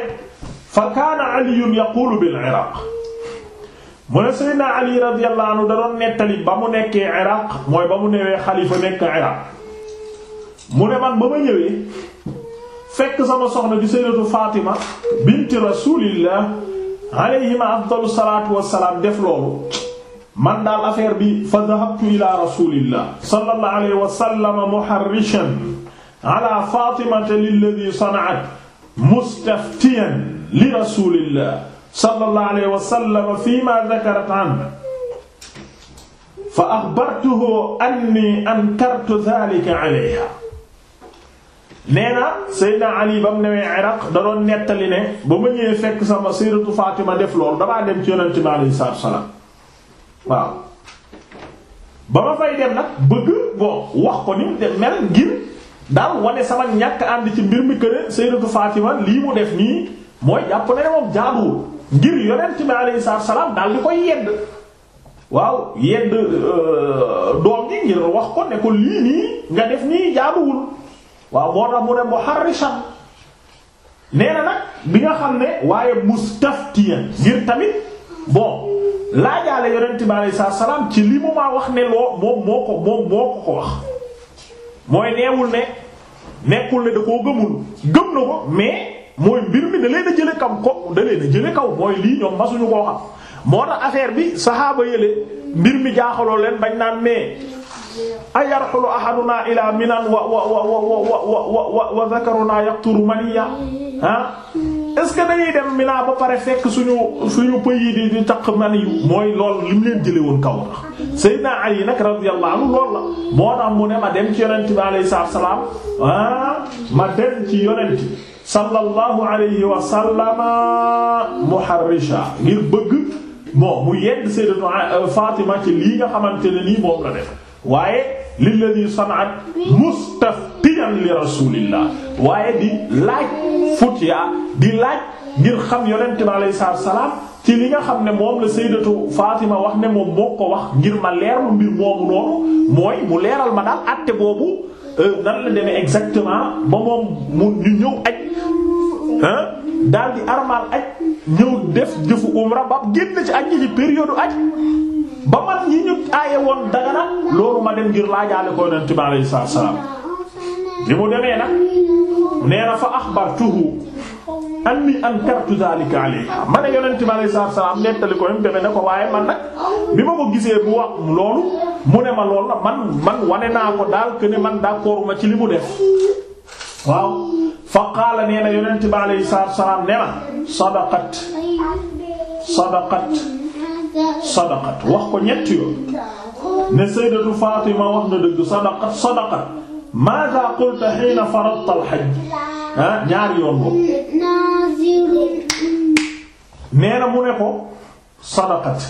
fa kaana aliyun yaqulu bil iraq mu ne Seydina Ali radiyallahu anhu da doon ba mu nekkee iraq mooy ba mu newee xalifa nekk iraq mu ne man ba ma ñëwee fekk sama soxna di sayyidatu Fatima binti rasulillah alayhima afdalu salaatu wassalaam def loolu man daal affaire bi fa dhahabtu ila rasulillah sallallahu alayhi wa sallam muharrishan ala fatimata lilladi sana'at mustaftiyan li rasulillah sallallahu alayhi wa sallam fima dhakarat anhu fa akhbartuhu anni ankartu dhalika alayha nee na Seydina Ali ba mu newee Iraq da doon nettali ne ba ma ñëwee fekk sama sayyidatu Fatima def loolu damaa dem ci yonent bi alayhi salaatu salaam waaw ba ma fay dem nag bëgg bon wax ko ni mel ngir daal wane sama ñàkk ànd ci mbir mi këne sayyidatu Fatima lii mu def nii mooy jàpp ne moom jaaduwul ngir yonent bi alayhi salaatu salaam daal di koy yedd waaw yedd euh, doom ji ngir wax ko ne ko lii nii nga def nii jaaduwul waaw moo tax mu ne muharrishan nee na nag bi nga xam ne waaye mustaftiyan ngir tamit bon laajaale yonent bi alayhi salaam ci li mu maa wax ne loo moom moo ko moo ko ko wax mooy neewul ne nekkul ne da koo gëmul gëm na ko mais mooy mbir mi da leen a jële kam ko da leen a jële kaw mooy lii ñoom masuñu koo xam moo tax affaire bi saxaaba yële mbir mi jaaxaloo leen bañ naan mais a yarxulu ahaduna ila minan wa wa wa wa wa wa zakaruna yaqturu maniya ah est-ce que dañuy dem Mina ba pare fekk suñu suñu pëyi di di taq maniyu mooy lool li mu leen jëlee woon kaw tax Seydina Ali nag radiyallahu anhu loolu la moo tax mu ne ma dem ci yonent bi alayhi salaam ah ma dem ci yonent bi sallallahu alayhi wa sallama muharrisha ngir bëgg moo mu yedd Sayyidatu euh, Fatima ci lii nga xamante ne nii moom la def waaye lilladi sanat mustaftiyan li rasulillah waaye di laaj futiya di laaj ngir xam yonent bi alayhi salaam ci li nga xam ne moom la sayyidatu Fatima wax ne moom moo ko wax ngir ma leer mu mbir moomu noonu mooy mu leeral ma daal àtte boobu Euh, nan la demee exactement ba moom mu ñu ñëw aj ah daal di armal aj ñëw def jëfu umra ba génn ci aj ci période aj ba man ñi ñu aaye woon dagana loolu ma dem ngir laajaale ko yonent bi alayhi salaam li mu demee nag nee na fa axbartuhu anni ankartu zalika ma ne yonent bi alayhi salaatu salaam nettali ko yom demee ne ko waaye man nag bi ma ko gisee bu wax loolu mu ne ma loolu la man wane naa ko daal que man d'accord ma ci li mu def waaw fa qaala nee na yonent bi salaam ne ma sadaqat sadaqat wax ko ñetti yoon ne sayyidatu Fatima wax na dëgg sadaqat sadaqat maadha qulta hiina faradta al ah ñaari yoon boobu nee na mu ne ko sadaqat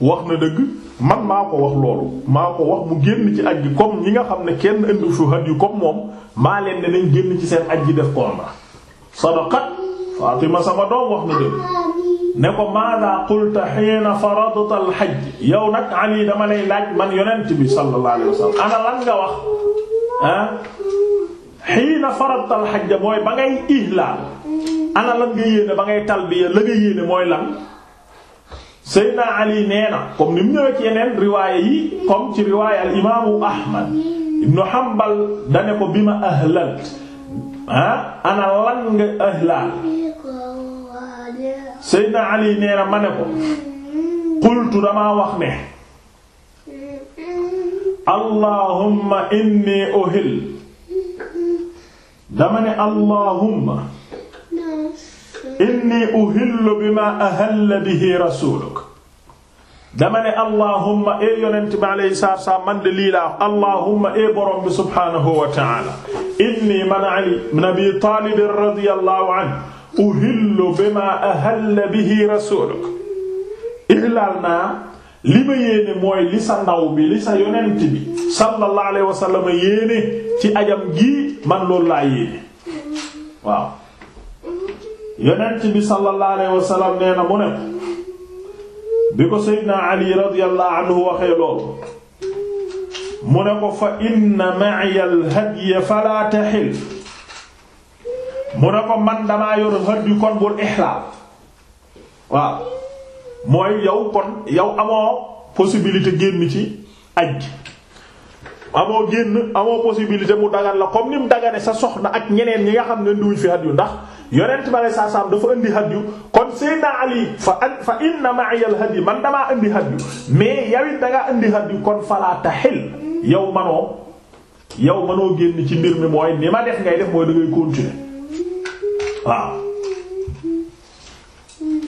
wax na dëgg man maa ko wax loolu maa ko wax mu génn ci aj gi comme ñi nga xam ne kenn indi shuhad yu comme moom maa leen ne nañ génn ci seen aj gi def ko ma sadaqat Fatima sama doom wax na dëgg ne ko maada qulta hiina faradta al hajj yow nag Ali dama lay laaj man yonent bi sallallahu alayhi wasallam ana lan nga wax xiina faradtal xajja mooy ba ngay ihlaal ana lan nga yéene ba ngay talbiya la nga yéene mooy lan Seydina Ali nee na comme ni mu ñëwee ci yeneen riwaaya yi comme ci riwaaya al Ahmad ibnu Hanbal dane ko bi ma ahlalt ah ana lan nga ahlaal Seydina Ali nee na ma ne ko qultu damaa wax ne allahumma inni uhil dama ne allahumma inni uhillu bima ahalla bihi rasuluk dama ne allahumma e yonent bi alayhi salaatu salaam man de lii laa allahumma e borom bi subhaanahu wa ta'ala inni man ali ibn abi taalib radiyallahu anhu uhillu bima ahalla bihi rasuluk ihlal naa li ma yéene mooy li sa ndaw bi li sa yonent bi sallallahu alayhi wa sallam ci ajam gii man loolu laa yéene waaw yonent bi sallallahu alayhi wa sallam nee na mu ne bi ko Seydina Ali radiyallahu anhu waxee loolu mu ne ko fa inna ma'iya al-hadya fala tahil mu ne ko man damaa yor hëdd kon bul ihlaal waaw mooy yow kon yow amoo possibilité génn ci aj amoo génn amoo possibilité mu dagan la comme ni mu dagane sa soxna ak ñeneen ñi nga xam ne ndiwuñ fi hadyu ndax yonent bale saa saam dafa indi hadyu kon Seydina Ali fa fa inna ma'iya al-hadyu man damaa indi hadyu mais yow it dangaa indi hadyu kon falaa tahil yow manoo yow manoo génn ci mbir mi mooy ni ma def ngay def mooy da ngay continuer waaw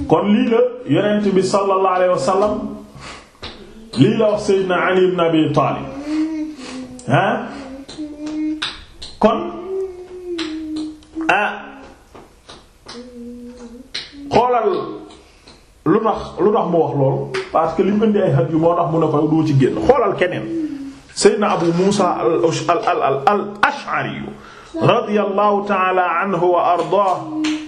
kon lii la yonent bi sallallahu alayhi wa sallam lii la wax Seydina Ali ibn Abi Taalib ah kon ah xoolal lu tax lu tax mu wax loolu parce que li mu indi ay xaj yu moo tax mu ne ko doo ci génn xoolal keneen Seydina Abu Muusa al al al Ash'ari radiyallahu ta'ala anhu wa ardaahu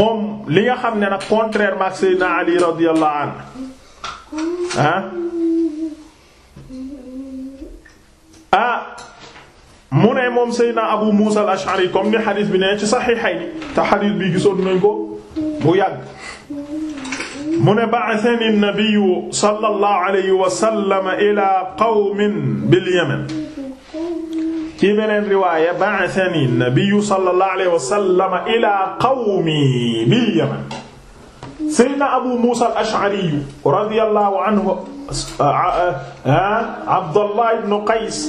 moom li nga xam ne nag contrairement ak Seydina Ali radiyallahu anhu ah ah mu ne moom Seydina Abu Musa al-Ash'ari comme ni xadis bi ne ci Sahihayni te xadis bi gisoon nañ ko bu yàgg mu ne ba'athani an-nabiyyu sallallahu alayhi wa sallam ila qawmin bil Yaman ci beneen riwaaya ba'athani nabiyyu sallallahu alayhi wa sallam ila qawmi bil yaman sayyidina abu musa al-ash'ari radiyallahu anhu ah, ah, abdullah ibn qays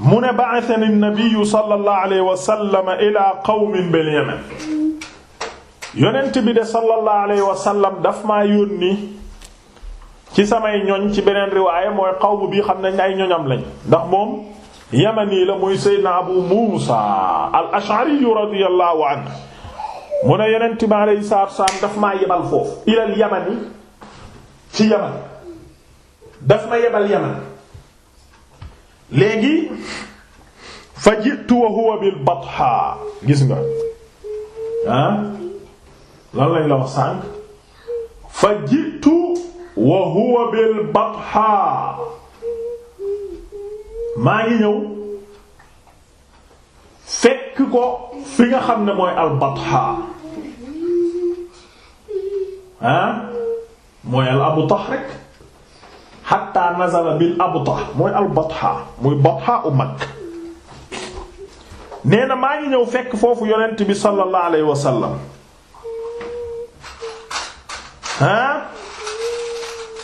mu ne ba'athani nabiyyu sallallahu alayhi wa sallam ila qawmin bil yaman yonent bi de sallallahu alayhi wa sallam daf maa yónni ci samay ñoñ ci beneen riwaaya mooy xawmu bi xam nañ ay ñoñam lañ ndax moom yamani la muy sayyidina abu muusa al ash'ari radiyallahu anhu mu ne yeneen time alay saab saab daf maa yebal foofu ilal yamani ci yaman daf ma yebal yaman léegi fa jiitu wa huwa bil batha gis nga ah lan lañ la wax sànq fa jiitu wa huwa bil batha maa ngi ñëw fekk ko fi nga xam ne mooy al batha ah mooy al abtah rek hatta nazala bil abtah mooy al batha muy batha u mag nee na maa ngi ñëw fekk foofu yonent bi sallallahu alayhi wa sallam ah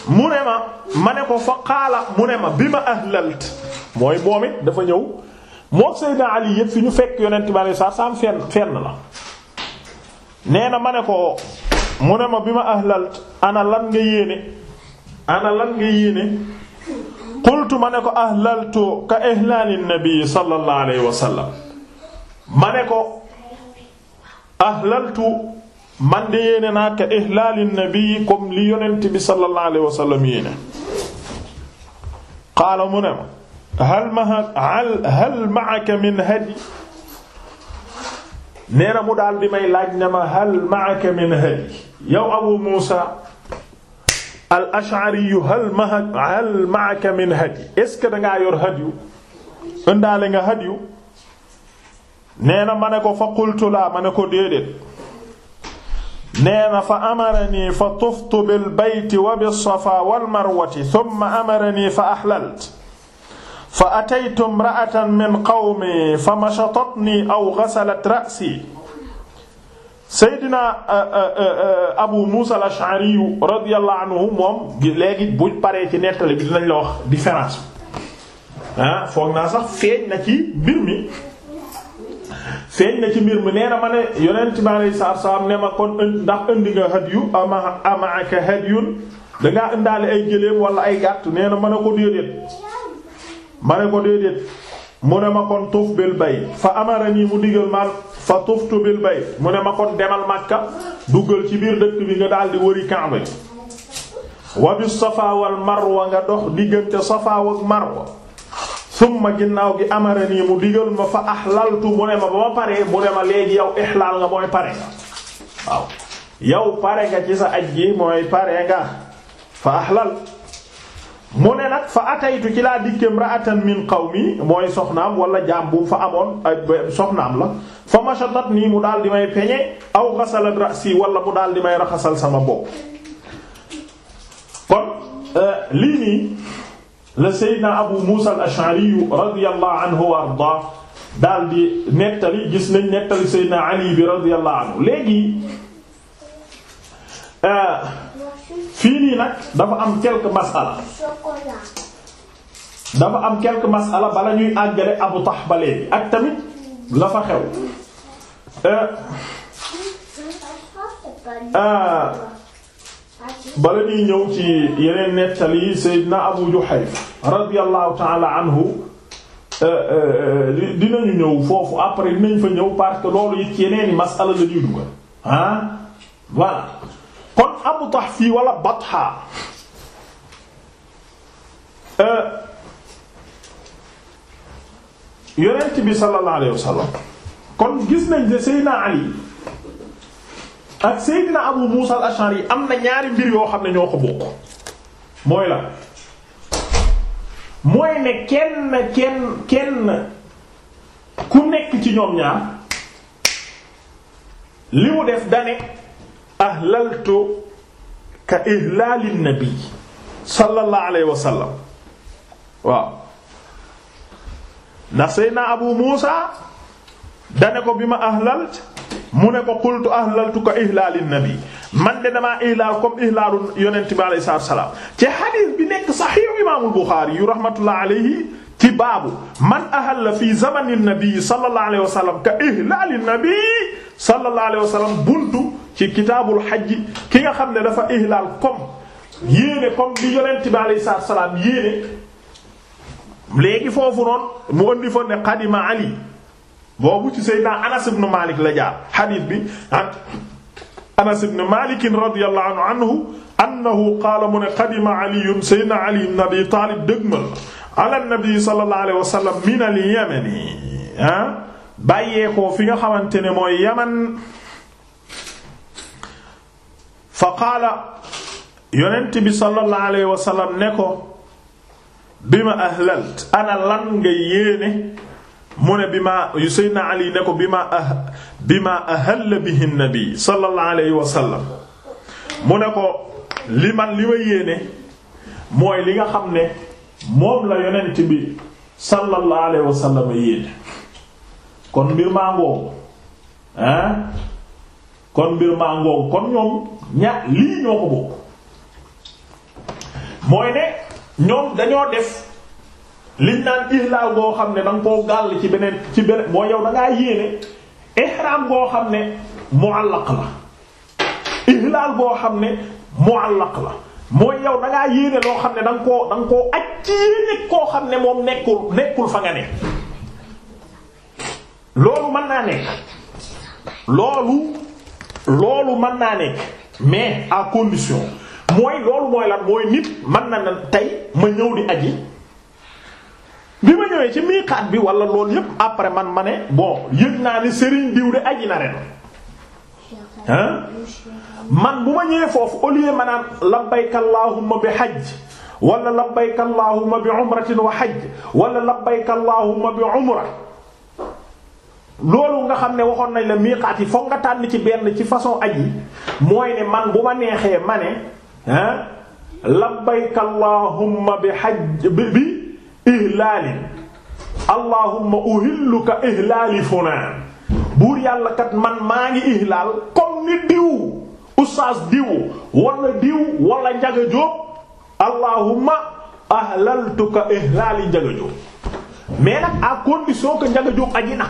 mu ne ma ma ne ko fa qaala mu ne ma bi ma ahlalt mooy moom dafa ñëw moo Seydina Ali yëpp fi ñu fekk yonent bi alei saa salaam fenn fenn la nee na ma ne ko mu ne ma bi ma ahlalt ana lan nga yéene ana lan nga yéene qultu ma ne ko ahlaltu ka ihlaali nabi sallallahu alayhi ma ne ko ahlaltu man de yéene naa ka ihlaalin nabi comme li yonent bi sallallahu alayhi wa sallam yéene qaala mu ne ma hal hal ma'aka min hadi nee na mu daal di may laaj ne ma hal ma'aka min hadi yow Abu Muusa al ash'ari hal ma'aka min hadi est-ce que dangaa yor hadiyu ëndaale nga hadiyu nee na ma ne ko fa qultu laa ma ne ko déedéet nee na fa amarani fa tuftu bil bayti wa bis safa wal marwati thumma amarani fa ahlalt fa ataytu imra'atan min qawmi fa mashatatni aw ghasalat ra'si Seydina uh, uh, uh, Abu Muusa al-Ash'ari radiyallahu anhu moom léegi buñ paree ci nettali bi dinañ la wax différence ah foog naa sax feeñ na ci mbir mi. feeñ na ci mbir mi nee na ma ne yonent bi alayhi salaatu salaam ne ma kon ndax indi nga hadyu ama amaaka hadyun dangaa indaale ay gëléem wala ay gàtt nee na ma ne ko déedéet ma ne ko déedéet mu ne ma kon tuuf bil bay fa amarani mu digal ma fa tuftu bil bay mu ne ma kon demal Makka duggal ci biir dëkk bi nga di wëri Kaaba gi wa bis Safa wal Marwa nga dox diggante Safa ak Marwa summa ginnaaw gi amara nii mu digal ma fa ahlaltu mu ne ma ba ma paree mu ne ma léegi yow ihlaal nga mooy pare waaw yow pare nga ci sa aj gi mooy pare nga fa ahlal mu ne nag fa ataytu ci laa dikke imra'atan min qawmi mooy soxnaam wala jaam fa amoon soxnaam la fa mashatat nii mu daal di may peñe aw ghasalat ra'si wala mu daal di may raxasal sama bopp kon euh, lii nii la Seydina Abu Muusa al-Ash'ari radiyallahu anhu wa ardaa daal di nettali gis nañ nettali Seydina Ali bi radiyallahu anhu léegi euh, fii nii nag dafa am quelques masala dafa am quelques masala bala ñuy àggale Abu Tah ba léegi ak tamit la fa xew euh, euh, bala ñuy ñëw ci yeneen nettali Seydina Abu Juhayf radiyallahu ta'ala anhu euh, euh, euh, dinañu ñëw foofu après dinañ fa ñëw parce que loolu yeneen i masala la ñuy dugal ah voilà kon Abu Tahfi wala Batha yonent bi sallallahu alayhi wa sallam kon gis nañ ne Seydina Ali ak Seydina Abu Musa al-Ash'ari am na ñaari mbir yoo xam ne ñoo ko bokk mooy la mooy ne kenn kenn ku nekk ci ñoom ñaar li mu def dane ahlaltu ka ihlaali nabi sallallahu alayhi wa sallam waaw ndax Seydina Abu Musa dane ko bi ma ahlalt mu ne ko qultu ahlaltu ka ihlaalin nabi man de damaa ihlaal comme ihlaalu yonent bi alayhi salaatu salaam ci xadiis bi nekk saxiix imaamul Buxaari yu rahmatullah alayhi ci baabu man ahalla fi zamani nabi sallallahu alayhi wa sallam ka ihlaali nabi sallallahu alayhi wa sallam buntu ci kitaabul xajj ki nga xam ne dafa ihlaal comme yéene comme li yonent bi alayhi salaatu salaam yéene léegi foofu noonu mu andi fa ne qadima Ali. boobu ci Seydina Anas ibn Malik la jaar xadiis bi an ah, Anas ibn Malik radiyallahu anhu annahu qaala mu ne qadima Ali Seydina Ali ibn Abi Talib dëgmal ala nabi sallallahu alayhi wa sallam min al yamani ah bàyyeekoo fi nga xamante ne mooy yaman fa qaala yonent bi sallallahu alayhi wa sallam ne ko bima ahlalt ana lan nga yéene mu ne bi ma Seydina Ali ne ko bi ma ah, bi ma ahalla bihi nabi sallallahu alayhi wa sallam mu ne ko li man li ma yéene mooy li nga xam ne moom la yonent bi sallallahu alayhi wa sallam kon mbir maa ngoogu ah kon mbir maa ngoogu kon ñoom ña lii ñoo ko bokk mooy ne ñoom dañoo def liñ naan ihlal boo xam ne danga nga koo gàll ci beneen ci beneen mooy yow da ngaa yéene ihram boo xam ne muallaq la ihlal boo xam ne muallaq la mooy yow da ngaa yéene loo xam ne da koo da koo aj ci yéene koo xam ne moom nekkul nekkul fa nga ne loolu mën naa nekk loolu loolu mën naa nekk mais à condition mooy loolu mooy lan mooy nit mën na na tey ma ñëw di aji bi ma ñëwee ci miiqaat bi wala loolu yépp après man ma ne bon yëg naa ni Serigne diw de aji na ren man bu ma ñëwee foofu au lieu ma naan labbayka allahumma bi hajj wala labbayka allahumma bi wala labbayka allahumma bi umra loolu nga xam ne waxoon nañ la miiqaat yi foog nga tànn ci benn ci façon aj aji mooy ne man bu ma neexee ma ne ah labbayka allahumma bi bi ihlaali allahumma uhilluka ihlaali fulaan buur yàlla kat man maa ngi ihlaal comme ni diw ustaas diw wala diw wala njaga allahumma ahlaltuka ihlaali njaga jóob mais nag à condition que njaga jóob aji na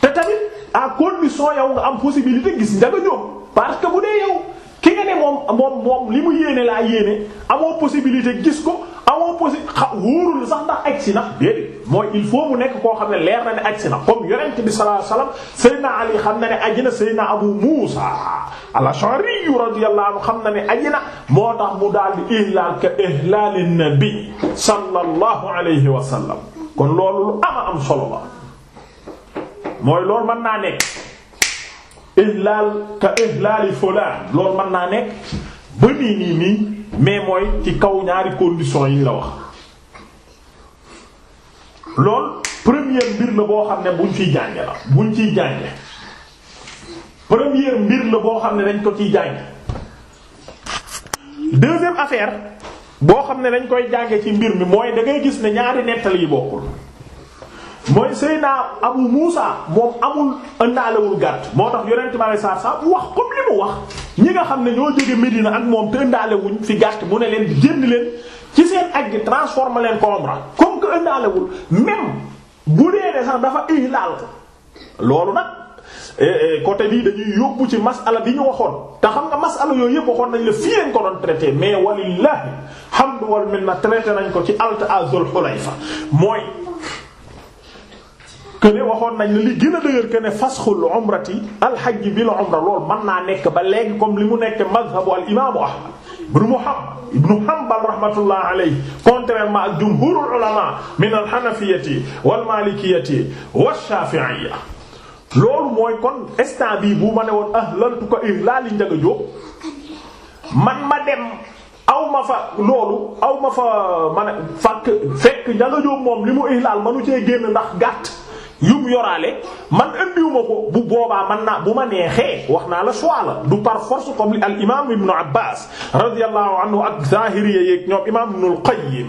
te tamit à condition yow nga am possibilité gis njaga jóob parce que bu dee yow ki nga ne moom moom moom li mu yéene laa yéene amoo possibilité gis ko amoo possi xa lu sax ndax agsi na déedéet mooy il faut mu nekk koo xam ne leer na ne agsi na comme yonent bi sallallahu alayhi wasallam Ali xam na ne aji na Seydina Abu Muusa al-Ash'ari radiyallahu anhu xam na ne aji na moo tax mu daal di ihlaal ka ihlaal an-nabi sallallahu alayhi wasallam kon loolu lu ama am mooy loolu mën naa nekk. laal ka ihlaali fulaan loolu mën naa nekk ba nii nii mais mooy ci kaw ñaari conditions yi la wax loolu première mbir la boo xam ne buñ ciy jànge la buñ ciy jànge première mbir la boo xam ne dañ ko ciy jànge deuxième affaire boo xam ne dañ koy jànge ci mbir mi mooy dangay gis ne ñaari nettali yi bokkul mooy Seyna Abu Muusa moom amul ëndaalewul gàtt moo tax yonent ma lay saar wax comme wax ñi nga xam ne ñoo jóge Medina ak moom te ëndaalewuñ fi gàtt mu ne leen jënd leen ci seen aj gi leen ko umra comme que ëndaalewul même bu dee ne sax dafa ihlaal ko loolu nag eh, eh, côté lii dañuy yóbbu ci masala bi ñu waxoon te xam nga masala yooyu yëpp waxoon nañ la fii lañ ko doon traité mais walillahi hamdu wal minna traité nañ ko ci alt azul fa mooy que ne waxoon nañ la li gën a dëgër que ne fasxul umrati alxaj bil umra lool mën naa nekk ba léegi comme li mu nekk mazhabu al imaamu ahmad ibnu muhammad ibnu hanbal rahmatullah alayhi contrairement ak jumhurul ulama min al hanafiyati wal malikiyati wash shafi'iyya loolu mooy kon instant bii bu ma ne woon ahlantu ko ihlali njaga jóob man ma dem aw ma fa loolu aw ma fa man fàkk fekk njaga jóob moom li mu ihlal manu cee génn ndax gàtt yum yoraale man man indiwuma ko bu boobaa man naa bu ma neexee wax naa la choix la du par force comme li al imam ibnu abbas radiyallahu anhu ak zahiriya yeeg ñoom imam ibnul qayyim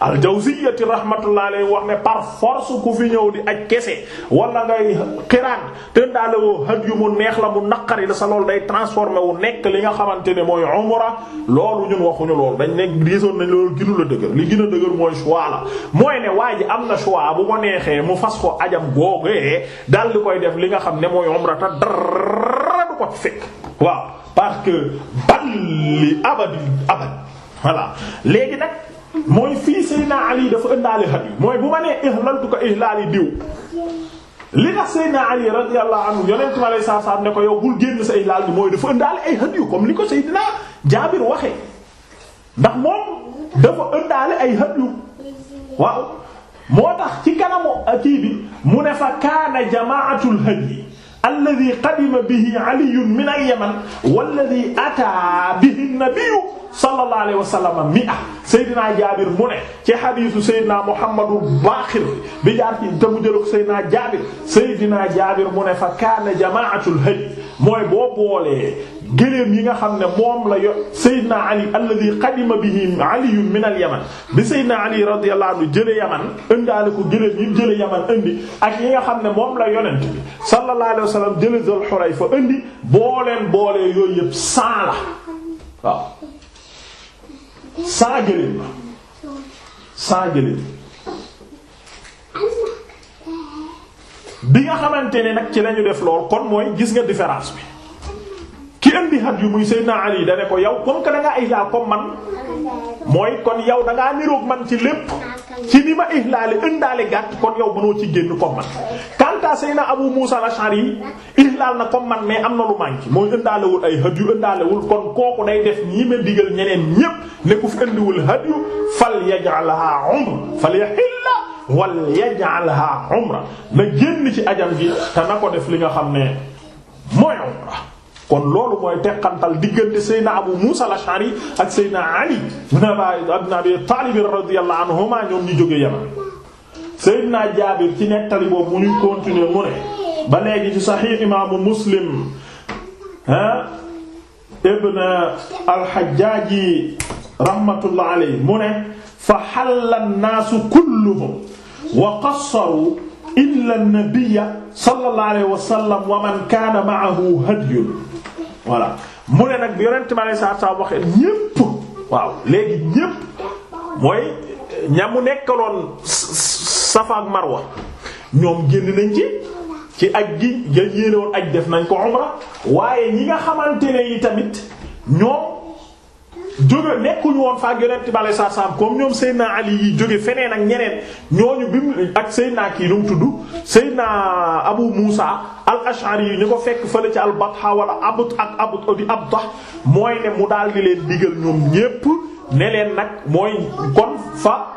al jawziyyati rahmatullahi alayhi wax ne par force ku fi ñëw di aj kese wala ngay xiraan te daale woo haj yu mu neex la mu naqari da sa loolu day transformé wu nekk li nga xamante ne mooy umra loolu ñun waxuñu loolu dañ nekk disoon nañ loolu ginu la dëgër li gën a dëgër mooy choix la mooy ne waa ji am na choix bu ko neexee mu fas ko ajam googee daal koy def li nga xam ne mooy umrata dara du ko fekk waaw parce que balli abadi abad voilà léegi nag mooy fii Seydina Ali dafa ëndaale xat yi mooy bu ma nee ihlaltu ko ihlali diw li tax Seydina Ali radiyallahu anhu yonent mi alayhi salaam ne ko yow bul génn sa ihlal bi mooy dafa ëndaale ay xat yu comme li ko Seydina Jaabir waxee ndax moom dafa ëndaale ay xat yu waaw moo tax ci kanamu kii bi mu ne fa kaana jamaatul hadyi alladi qadima bihi aliyun min alyaman walladi ataa bihi nabiyu sallallahu alayhi wa sallam mi'a Seydina Jaabir mu ne ci hadiisu Seydina Muhammadul Baaxir bi jaar ci te mu jëloon Seydina Jaabir Seydina Jaabir mu ne fa kaana jamaatul hadyi mooy boo boolee géléem yi nga xam ne moom la yo Seydina Ali alladhi qadima bihi Ali min al-Yaman bi jële Yaman ëndaale ko géléem yi jële Yaman indi ak yi nga xam ne moom la yonent bi sallallahu alayhi wasallam jële Zul Hulayfa indi booleen boolee yooyu yëpp cent la waaw cent géléem la cent géléem bi nga xamante ne nag ci lañu def lool kon mooy gis nga différence bi ki indi hadiyu muy Seydina Ali da ne ko yow comme que da ngaa man mooy kon yow dangaa ngaa man ci lépp ci ni ma ihlaale indaale gàtt kon yow mënoo ci génn comme man. quant à Seydina Abu Musa al yi ihlal na comme man mais am na lu manqué mooy indaalewul ay yu indaalewul kon kooku day def nii ma digal ñeneen ñépp ne ku fi indiwul hadiyu fal yaj'alha umr fal yahilla wal yaj'alha umra na génn ci ajam gi te na ko def li nga xam ne mooy kon loolu mooy teqantal diggante Seydina Abu Musa al-Ash'ari ak Seydina Ali ibn Abi Talib radiyallahu anhuma ñoom ñu jóge Yaman Seydina Jaabir ci nettali boobu mu ñuy continuer mu ne ba léegi ci Sahih imaamu Muslim ah ibn al-Hajjaaji rahmatullah alayhi mu ne fa xalla nnaasu kulluhum wa qassaru illa an-nabiyya sallallahu alayhi wa sallam wa man kaana ma'ahu hadyun voilà mu ne nag yonent ma saa saa waxee ñépp waaw léegi ñépp mooy ña mu nekkaloon Safa Marwa ñoom génn nañ ci ci aj gi nga yéene woon aj def nañ ko umra waaye ñi nga xamante ne yi tamit ñoom jóge nekkuñu woon fa ak yonent bi alayhi salaam comme ñoom Seydina Ali yi jóge feneen ak ñeneen ñooñu bimu ak Seydina kii nu mu tudd Seydina Abu muusa al-Ash'ari yi ñu ko fekk fële ci al-Batha wala abut ak abut di abda mooy ne mu daal di leen digal ñoom ñépp ne nag mooy kon fa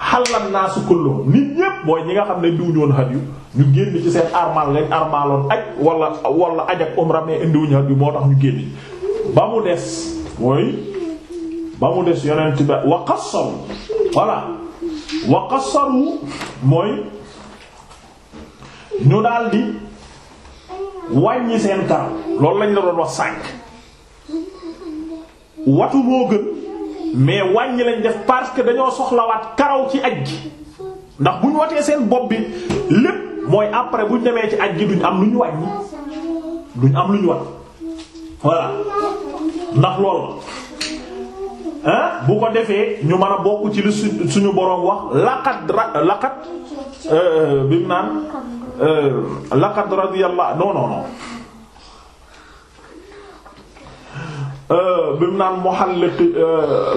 naa naasu kulluhum nit ñépp mooy ñi nga xam ne diwuñu woon hadiyu ñu génn ci seen armal lañ armaloon aj wala wala aj ak umra mais indiwuñu hadiyu moo tax mooy ba mu des yonent ba wa qassaru voilà wa qassaru mooy ñu daldi wàññi seen karaw loolu lañ la doon wax sànq watu moo gën mais wàññi lañ def parce que dañoo soxlawaat karaw ci aj gi ndax bu ñu watee seen bopp bi lépp mooy après bu demee ci aj gi duñ am lu ñu wàññi duñ am lu ñu wat voilà ndax loolu bu ko defee ñu mën a bokk ci li suñu boroom wax laqad ra laqad euh, bi mu naan euh, laqad radiyallahu non non non euh, bi mu naan muhalliq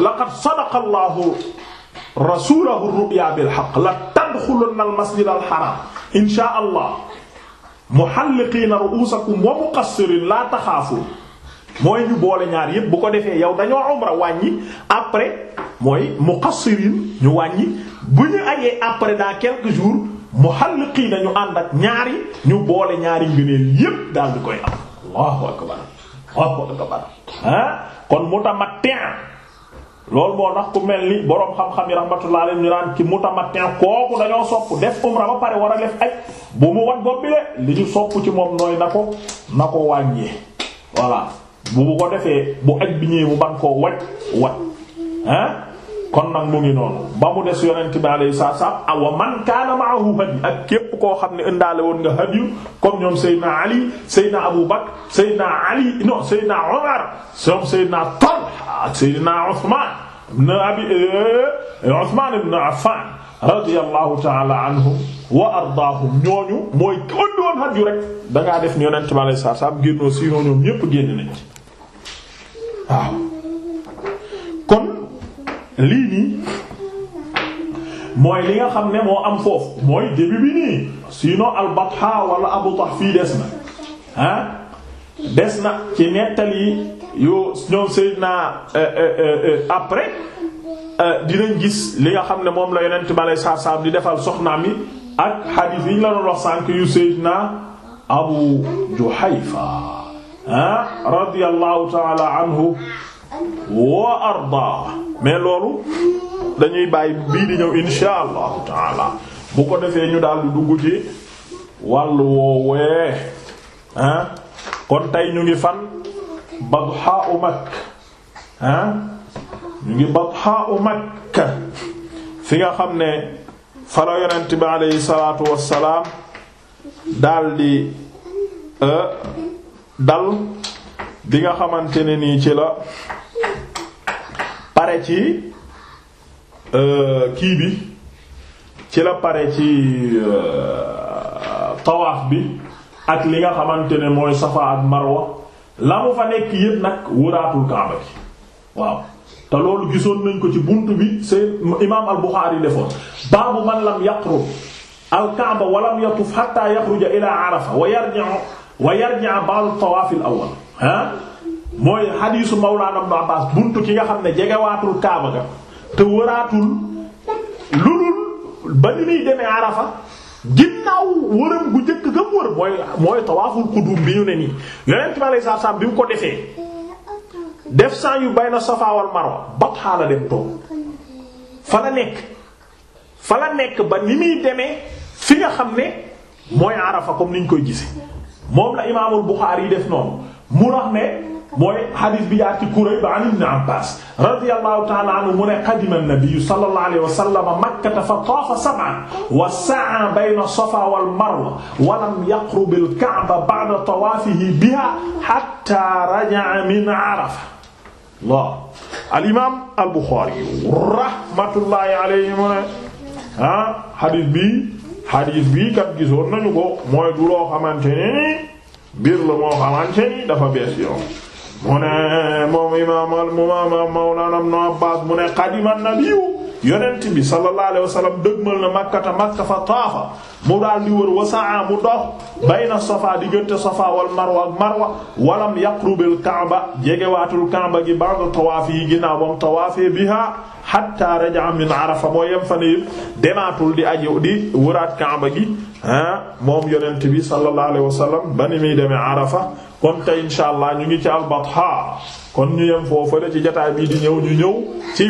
laqad sadaqa allahu rasulahu ru'ya bil haqq la tadxulunna al masjid al haram insha allah muhalliqina ru'usakum wa muqassirin la taxaafun mooy ñu boole ñaar yépp bu ko defee yow dañoo umra wàññi après mooy muqassirin ñu wàññi bu ñu ajee après dans quelques jours muhalliqiina ñu ànd ak ñaari ñu boole ñaari ngëneel yépp daal di koy am allahu akbar allahu akbar ah kon mutamatti' loolu moo tax ku mel ni boroom xam-xam yi rahmatullah alayhi ñu naan ci mutamattin kooku dañoo sopp def umra ba pare war def aj bu mu wat ci moom nooy na ko na ko bu ko defee bu aj bi ñëwee mu ban waj waj ah kon nag mu ngi noonu ba mu des yonent bi alayhi salaatu salaam awa man kaana ma'ahu hadi ak képp koo xam ne indaale woon nga hadiyu comme ñoom Seydina Ali Seydina Abu Bakr Seydina Ali non Seydina Omar ñoom Seydina Talha ak Seydina Usmaan ibn Abi eh, eh, Usmaan ibn Affaan radiyallahu ta'ala wa ardaahum ñooñu mooy ëndoon hadiyu rek dangaa def ni yonent bi alayhi salaatu salaam génnoo si ñoom ñëpp génn nañ waaw kon lii nii mooy li nga xam ne moo am foofu mooy début bi nii sinon albatha wala abu tah des na ah des na ci nettali yo ñoom Seydina euh, euh, euh, après dinañ gis li nga xam ne moom la yonent bi aleyhi salaatu salaam defal soxnaam yi ak xadiis yi ñu la doon wax sànk yu Seydina Abu Juhayfa ah radiyallahu taala anhu wa ardaa mais loolu dañuy bàyyi bii di ñëw insha allahu taala bu ko defee ñu daal di dugg ci wàllu woowee ah kon tey ñu ngi fan badxaa'u makk ñu ngi badxaa'u makk fi nga xam ne fara yonent bi aleyhi salaatu wassalaam daal di euh, dal di nga xamante ne nii ci la pare ci euh, kii bi ci la pare ci euh, tawaaf bi ak li nga xamante ne mooy safa ak marwa la mu fa nekk yépp nag wëraatul kaaba gi waaw te loolu gisoon nañ ko ci bunt bi c'est imaam al-Bukhari defoon baabu man lam yaqrub al-kaaba wa lam yatuf hatta yakhruja ila arafa wa yarji'u waa yarji'a ba'd tawaaf al-awwal ah mooy xadiisu Mawlaana Ibn Abbaas buntu ki nga xam ne jegewaatul Kaaba ga te wëraatul lu dul ba ni muy demee Arafa ginnaaw wëram gu njëkk ga wër mooy mooy tawaaful quduum bi ñu ne nii Yonent bi alayhi salaam bi mu ko defee def saa yu bayna Safaa wal Marwa Bathaa la dem toog fa la nekk fa la nekk ba ni muy demee fi nga xam ne mooy Arafa comme niñ koy gisee. moom la imaamul Buxaari yi def noonu mu wax ne mooy xadiis bi jaar ci Kurayb an Ibn Abbaas radiyallahu ta'ala anhu mu ne qadima an-nabiyyu sallallahu alayhi wa sallam makkata fa taafa sab'an wa sa'a bayna Safaa wal Marwa wa lam yaqrub al-Ka'ba ba'da tawaafihi bihaa hattaa raja'a min Arafa Allah al-imaam al-Buxaari rahmatullahi alayhi mu ne ah xadiis bi xadiis bii kat gisoon nañu ko mooy du loo xamante ne ni mbir la moo xamante ni dafa bees yoon mu ne moom imaam al mumaama mawlaana ibnu Abbaas mu ne qadima nabiyyu yonent bi sallallahu alayhi wa sallam dëgmal na makkata makka fa taafa mu daal di wër wasaa mu dox bayna safa diggante safa wal marwa ak marwa walam yaqrubil kaaba jegewaatul kaaba gi ba'da tawaaf yi ginnaaw bam tawaafee biha hatta raja'a min arafa moo fa ne demaatul di aji di wëraat kaaba gi ah moom yonent bi sallallahu alayhi wa sallam ba ni muy arafa kon tey allah ñu al-Batha kon ñu yem foofale ci jotaay bii di ñëw ñu ñëw ci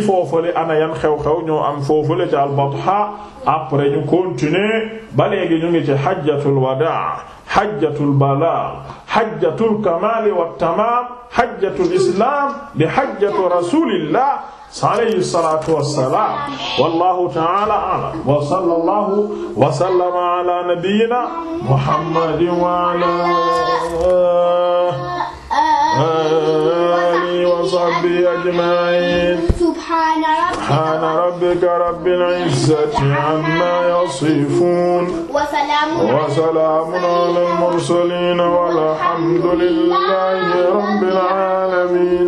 ana yan xew-xew ñoo am foofale ci al-Batha après ñu continuer ba léegi ñu ngi ci hajjatul wadaa hajjatul balaa hajjatul kamaal wa tamaam hajjatul islaam di hajjatu rasulillah alayhi salaatu wa salaam wallaahu a'lam wa sallallaahu wa sallama ala nabiyyina muhammadin wa sahbihi ajma'in
subhaana
rabbika rabbil izzati amma yasifun
wa salaamun
alal mursaliin walhamdu lillahi rabbil aalamiin